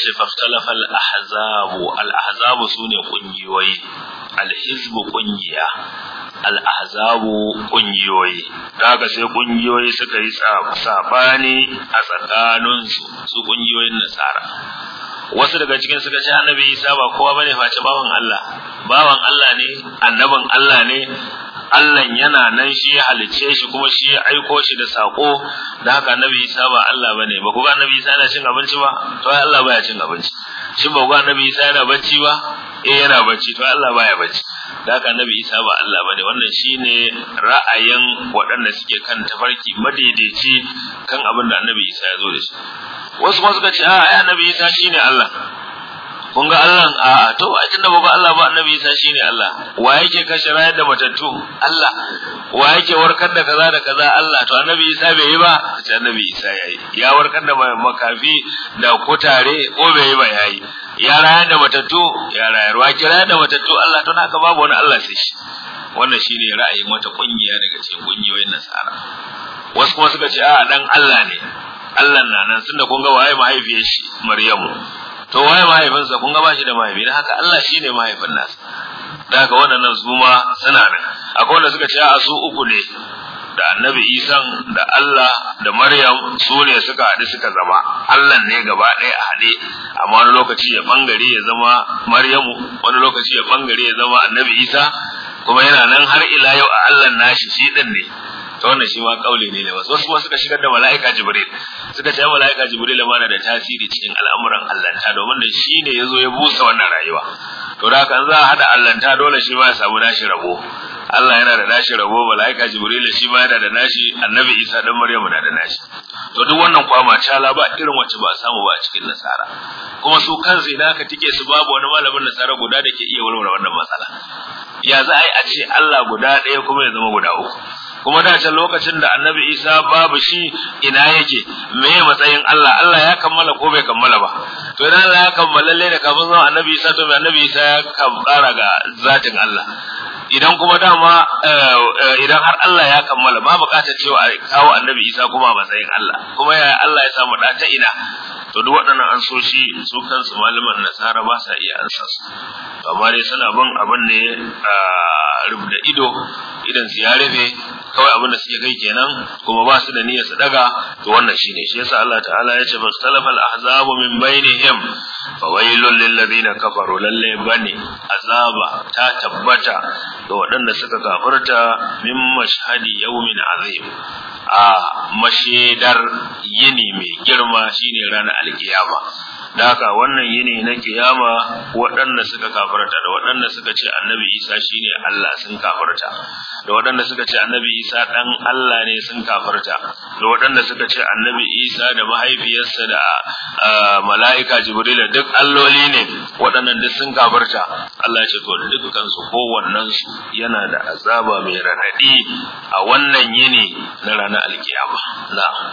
ce fahtalafa al-ahzabu al-ahzabu sune kungiyoyi al-hizb kungiya al-ahzabu kungiyoyi daga sai kungiyoyi suka yi sabani a tsakanin su su kungiyoyin nasara wasu daga cikin suka ce annabi Isa ba kowa bane face bawan Allah bawan Allah ne annabin Allah ne Allah yana nan shi ya halice shi kuma shi ya aiko shi da sako da haka annabi Isa ba Allah bane ba ku ga annabi Isa yana cin abinci ba to ai Allah baya cin abinci shin ba ku ga annabi Isa yana bacci ba eh yana bacci to Allah baya bacci da haka annabi Isa ba Allah bane wannan shine ra'ayin waɗanda suke kan tafarki madaidaici kan abin da annabi Isa ya zo da shi wasu kuma suka ce a ai annabi Isa shine Allah kun ga Allah a to a tunda ba Allah ba annabi Isa shine Allah wa yake kashe rayar da matattu Allah wa yake warkar da kaza da kaza Allah to annabi Isa bai yi ba sai annabi Isa yayi ya warkar da makafi da kutare ko bai yi ba yayi ya rayar da matattu ya rayar wa ki rayar da matattu Allah to naka babu wani Allah sai shi wannan shine ra'ayin wata kungiya daga cikin kungiyoyin nasara wasu kuma suka ce a dan Allah ne Allah na nan tunda kun ga waye mahaifiyar shi Maryamu to waye mahaifinsa kun ga bashi da mahaifi haka Allah ne mahaifin nasa Da, haka waɗannan su ma suna nan akwai wanda suka ce a su uku ne da annabi isan da Allah da maryam su ne suka haɗu suka zama Allah ne gaba ɗaya a haɗe amma wani lokaci ya bangare ya zama maryamu wani lokaci ya bangare ya zama annabi isa kuma yana nan har ila yau a Allah nashi shi ɗin ne Ta wannan shi ma kauli ne da wasu wasu suka shigar da malaika jibril suka ce malaika jibril ma na da tasiri cikin al'amuran allanta domin da shi ne ya zo ya busa wannan rayuwa to da kan za a hada allanta dole shi ma ya samu nashi rabo Allah yana da nashi rabo malaika jibril shi ma yana da nashi annabi isa dan maryamu na da nashi to duk wannan kwama cala ba irin wacce ba samu ba a cikin nasara kuma su kansu idan aka tike su babu wani malamin nasara guda da ke iya warware wannan matsala ya za a yi a ce Allah guda ɗaya kuma ya zama guda uku kuma da ce lokacin da annabi isa babu shi ina yake meye matsayin Allah Allah ya kammala ko bai kammala ba to idan Allah ya kammala lalle da kafin zuwa annabi isa to annabi isa ya kara ga zatin Allah idan kuma dama eh, eh, idan har Allah ya kammala ba bukatar cewa a kawo annabi Isa kuma a matsayin Allah kuma ya Allah ya samu ɗata ina to duk waɗannan an so shi su kansu malaman nasara ba sa iya ansa su amma dai suna bin abin ne a rubda ido idan su ya rufe kawai abin da suke kai kenan kuma ba su da niyyar su daga to wannan shine shi yasa Allah ta'ala ya ce talafal ahzabu min bainihim fawailul lil ladina kafaru lalle bane azaba ta tabbata ga waɗanda suka kafirta min mashhadi yawmin azim a mashedar yini mai girma shine ranar alkiyama da haka wannan yini na kiyama waɗanda suka kafarta da waɗanda suka ce annabi isa shi ne Allah sun kafarta da waɗanda suka ce annabi isa ɗan Allah ne sun kafarta da waɗanda suka ce annabi isa da mahaifiyarsa da mala'ika jibrila duk alloli ne waɗannan duk sun kafarta Allah ce to dukkan su kowannen su yana da azaba mai raɗaɗi a wannan yini na ranar alkiyama na'am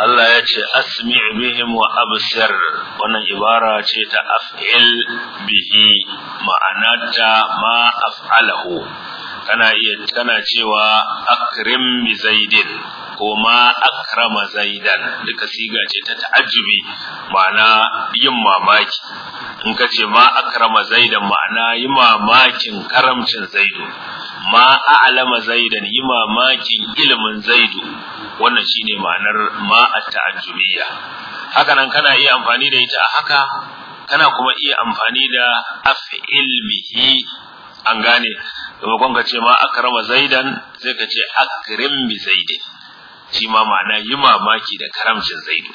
Allah ya ce asmi' bihim wa absir wannan ibara ce ta af'il bihi ta ma af'alahu kana iya kana cewa akrim bi zaidin ko ma akrama zaidan duka siga ce ta ta'ajjubi ma'ana yin mamaki in ka ce ma akrama zaidan ma'ana yi mamakin karamcin zaidu ma a'lama zaidan yi mamakin ilimin zaidu wannan shine ma'anar ma at-ta'ajjubiyya haka nan kana iya amfani da ita a haka kana kuma iya amfani da af'ilmihi an gane maimakon ka ce ma zaidan sai ka ce akrim bi shi ma ma'ana yi mamaki da karamcin zaidu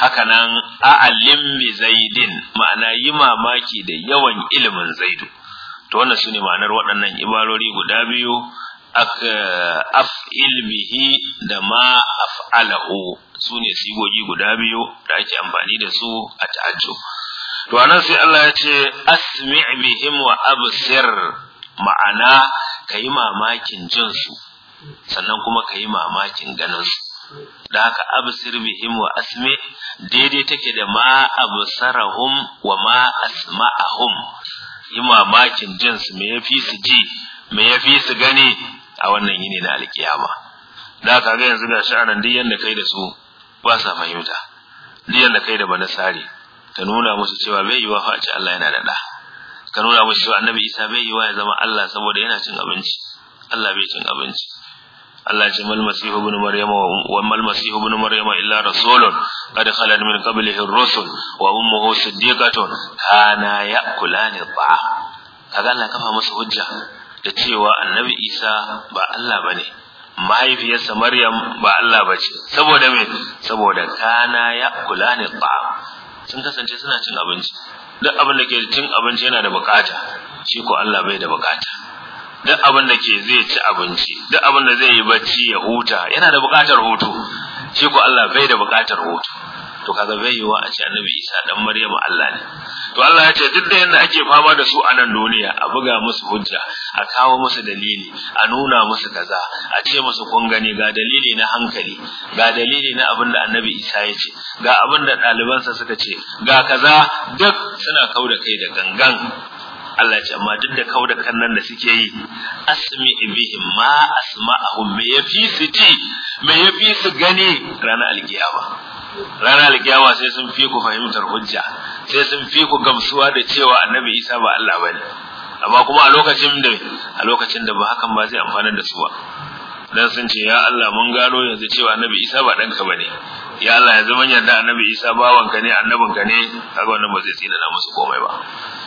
haka nan a'alim bi zaidin ma'ana yi mamaki da yawan ilimin zaidu to wannan su ne ma'anar waɗannan ibarori guda biyu af bihi da ma af'alahu su ne sigogi guda biyu da ake amfani da su a ta'ajjub to anan sai Allah ya ce asmi' bihim wa absir ma'ana kayi mamakin jin su sannan kuma kayi mamakin ganin su da haka absir bihim wa asmi' daidai take da ma absarahum wa ma asma'ahum yi mamakin jin me ya yafi su ji me yafi su gani a wannan yini na alkiyama da ka ga yanzu ga sha'anan duk yanda kai da su ba sa fahimta duk yanda kai da bana sare ka nuna musu cewa bai yiwa fa Allah yana da da ka nuna musu cewa annabi Isa bai wa ya zama Allah saboda yana cin abinci Allah bai cin abinci Allah ya ce mal masihu ibn maryama um- wa mal masihu ibn maryama illa rasulun qad khalat min qablihi ar-rusul wa ummuhu siddiqatun kana ya'kulani at-ta'am kaga Allah kafa masa hujja da cewa annabi Isa ba Allah bane mahaifiyarsa Maryam ba Allah bace saboda me saboda kana ya'kulani at-ta'am sun kasance suna cin abinci duk abin da ke cin abinci yana da bukata shi ko Allah bai da bukata duk abin da ke zai ci abinci duk abin da zai yi bacci ya huta yana da buƙatar hutu shi ko Allah bai da buƙatar hutu to kaga bai yiwa a ce annabi Isa dan maryam Allah ne to Allah ya ce duk da yanda ake fama da su a nan duniya a buga musu hujja a kawo musu dalili a nuna musu kaza a ce musu kun gani ga dalili na hankali ga dalili na abin da annabi Isa ya ce ga abin da ɗalibansa suka ce ga kaza duk suna kauda kai da gangan Allah ce amma duk da kauda kannan da suke yi asmi bihim ma asma'ahum me yafi su ji me yafi su gani ranar alkiyama ranar alkiyama sai sun fi ku fahimtar hujja sai sun fi ku gamsuwa da cewa annabi Isa ba Allah bane amma kuma a lokacin da a lokacin da ba hakan ba zai amfana da su ba dan sun ce ya Allah mun gano yanzu cewa annabi Isa ba danka bane ya Allah ya zama yadda annabi Isa bawanka ne annabinka ne kaga wannan ba zai tsina musu komai ba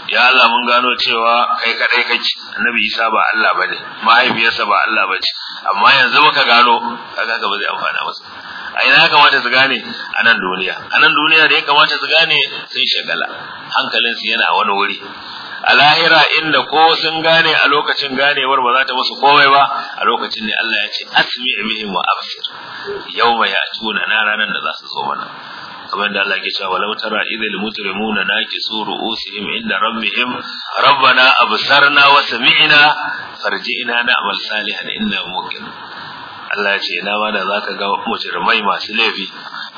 ya Allah mun gano cewa kai kadai kake annabi Isa ba Allah bane mahaifiyarsa ba Allah bace amma yanzu muka gano kaga gaba zai amfana masa a ina ya kamata su gane a nan duniya a nan duniya da ya kamata su gane sun shagala hankalinsu yana wani wuri a lahira inda ko sun gane a lokacin ganewar ba za ta musu komai ba a lokacin ne Allah ya ce asmi bihim wa absir yawma ya'tuna na ranan da za su zo mana kamar da Allah ke cewa walau tara idhil mujrimuna naqisu ru'usihim inda rabbihim rabbana absarna wa sami'na farji'na na'mal salihan inna muqin Allah ce na ba da zaka ga mujrimai masu laifi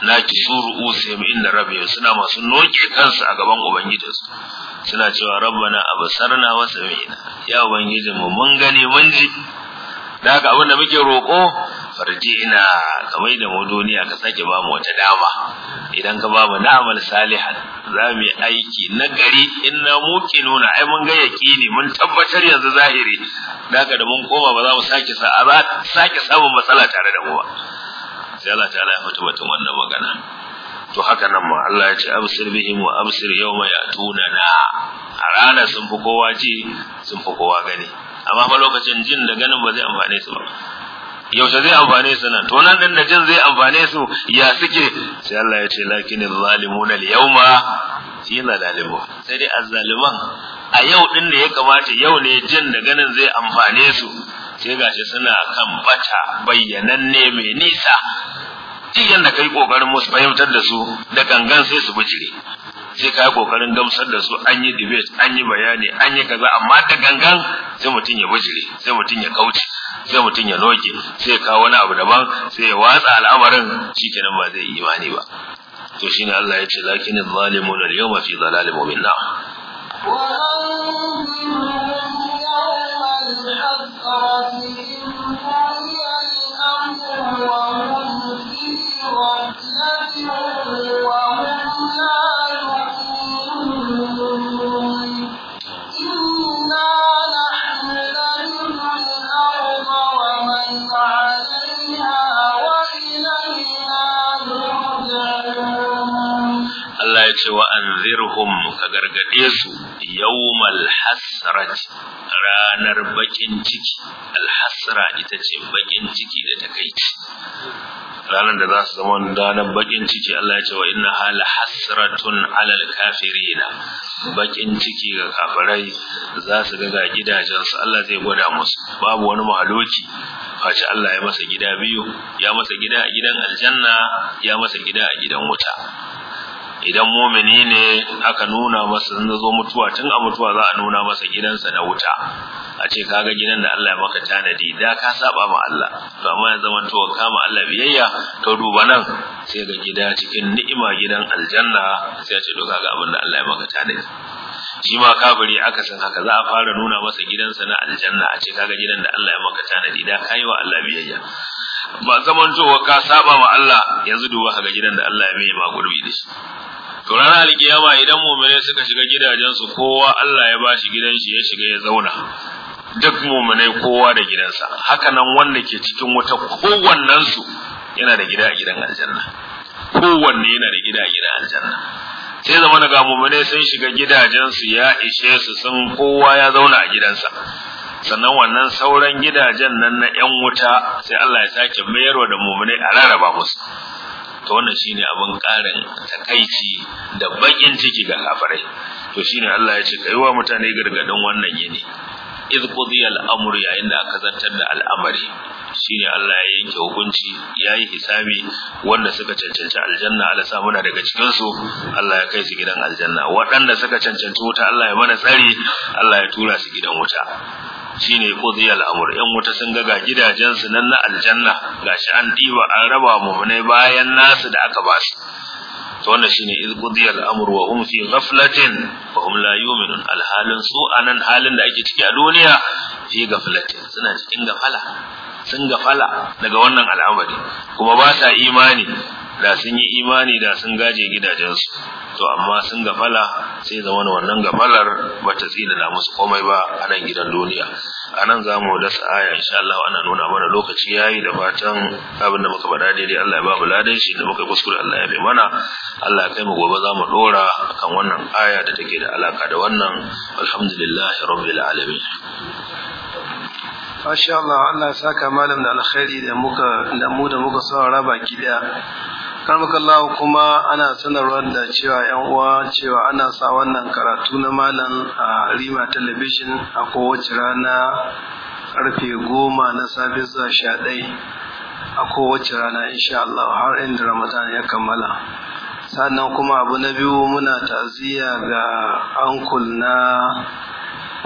naqisu ru'usihim inda rabbihim suna masu noke kansu a gaban ubangijinsu suna cewa rabbana absarna wa sami'na ya mu mun gani mun ji da haka abin da muke roƙo farjina ka mai da mu duniya ka sake ba mu wata dama idan ka ba mu na'amal salihan za mu yi aiki na gari in na muke nuna. ai mun ga yaqini mun tabbatar yanzu zahiri daga da mun koma ba za mu sake sa a sake samun matsala tare da mu ba sai Allah ta'ala ya mutu mutum wannan magana to haka nan ma Allah ya ce absir bihim wa absir yawma yatunana a ranar sun fi kowa ji sun fi kowa gani amma ba lokacin jin da ganin ba zai amfane su ba yaushe zai amfane su nan to nan din da jin zai amfane su ya suke sai Allah ya ce lakinin zalimun al-yawma sina zalimun sai dai azzaliman a yau din da ya kamata yau ne jin da ganin zai amfane su sai gashi suna kan bata ne mai nisa cikin da kai kokarin musu fahimtar da su da gangan sai su bijire sai kai kokarin gamsar da su an yi debate an yi bayani an yi kaza amma da gangan sai mutum ya bijire sai mutum ya kauce sai mutum ya noke sai kawo wani abu daban sai ya watsa al'amarin shikenan ba zai imani ba to shine Allah ya ce lakin zalimun al-yawma fi dhalalin mubin na ce wa zirhum ka gargaɗe su yau hasrat ranar bakin ciki alhasra ita ce bakin ciki da ta kaici. ranar da za su zama ranar bakin ciki Allah ya ce wa inna hala hasratun alal kafirina bakin ciki ga kafirai za su ga gidajensu Allah zai gwada musu babu wani mahaloki face Allah ya masa gida biyu ya masa gida a gidan aljanna ya masa gida a gidan wuta idan mumini ne aka nuna masa sun zo mutuwa tun a mutuwa za a nuna masa gidansa na wuta a ce kaga gidan da Allah ya maka tanadi da ka saba ma Allah to amma ya zama to ma Allah biyayya to duba nan sai ga gida cikin ni'ima gidan aljanna sai ya ce to kaga abin da Allah ya maka tanadi shi ma kafiri aka san haka za a fara nuna masa gidansa na aljanna a ce kaga gidan da Allah ya maka tanadi da kai wa Allah biyayya ba to ka saba ma Allah yanzu duba kaga gidan da Allah ya mai ma gurbi da shi to ranar alkiyama idan mu'minai suka shiga gidajensu kowa Allah ya bashi gidan shi ya shiga ya zauna duk mu'minai kowa da gidansa haka nan wanda ke cikin wuta kowannen su yana da gida a gidan aljanna kowanne yana da gida a gidan aljanna sai zama daga mu'minai sun shiga gidajensu ya ishe su sun kowa ya zauna a gidansa sannan wannan sauran gidajen nan na 'yan wuta sai Allah ya sake mayarwa da mu'minai a rarraba musu to wannan shine abin karin takaici da bakin ciki ga kafirai to shine Allah ya ce wa mutane gargadin wannan yini iz qudiya amru yayin da aka zartar da al'amari shine Allah ya yanke hukunci yayi hisabi wanda suka cancanci aljanna Allah sa muna daga cikinsu, su Allah ya kai su gidan aljanna waɗanda suka cancanci wuta Allah ya mana tsari Allah ya tura su gidan wuta shine ne al yan 'yan wuta sun ga ga gidajen su nan na aljanna gashi an diba an raba mu'minai bayan nasu da aka basu. su to wannan shine iz qudi al’amur wa hum fi ghaflatin wa hum la yu'minun al-halin su anan halin da ake ciki a duniya fi ghaflatin suna cikin gafala sun gafala daga wannan al'amari kuma ba sa imani da sun yi imani da sun gaje gidajensu to amma sun gafala sai zama wannan gafalar bata da musu komai ba a nan gidan duniya a nan za mu dasa aya insha Allah ana nuna mana lokaci yayi da fatan abin da muka faɗa daidai Allah ya ba mu ladan shi da muka kuskure Allah ya bai mana Allah ya kai mu gobe za mu dora akan wannan aya da take da alaka da wannan alhamdulillahi rabbil alamin Masha Allah Allah ya saka malam da alkhairi da muka da mu da muka saurara baki daya Allah kuma ana sanarwar da cewa yan uwa cewa ana sa wannan karatu na malam a rima television a kowace rana karfe goma na safe zuwa sha ɗai a kowace rana insha Allah har inda ramadan ya kammala sannan kuma abu na biyu muna ta'aziyya ga ankul na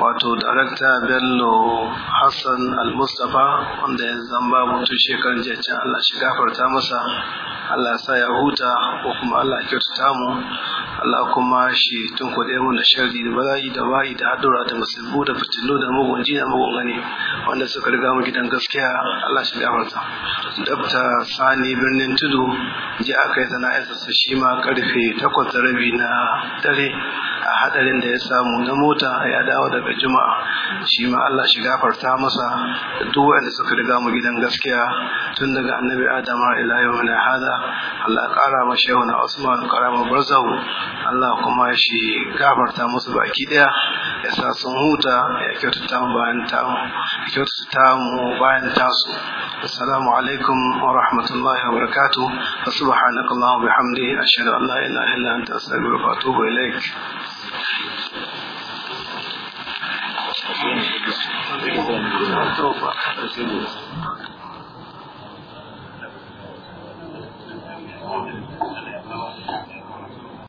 wato darakta bello hassan al-mustapha wanda ya zamba mutu shekaran jacin allah shi gafarta masa allah sa ya huta ko kuma allah kyautata mu allah kuma shi tun kuɗe mu da sharri da bala'i da bayi da hadura da musulmu da fitilu da mugun jina mugun wanda suka riga mu gidan gaskiya allah shi gafarta dabta sani birnin tudu ji aka yi zana'izarsa shi ma karfe takwas da rabi na dare hadarin da ya samu na mota ya dawo daga juma'a shi ma Allah shi gafarta masa duk wanda suka riga mu gidan gaskiya tun daga annabi adama ila yawmin hada Allah kara ma na Usman kara ma barzahu Allah kuma shi gafarta musu baki daya ya sa sun huta ya kyautata mu bayan ta mu kyautata mu bayan tasu assalamu alaikum wa rahmatullahi wa barakatuh subhanakallahumma bihamdi ashhadu an la ilaha illa anta astaghfiruka wa atubu ilaik Спасибо.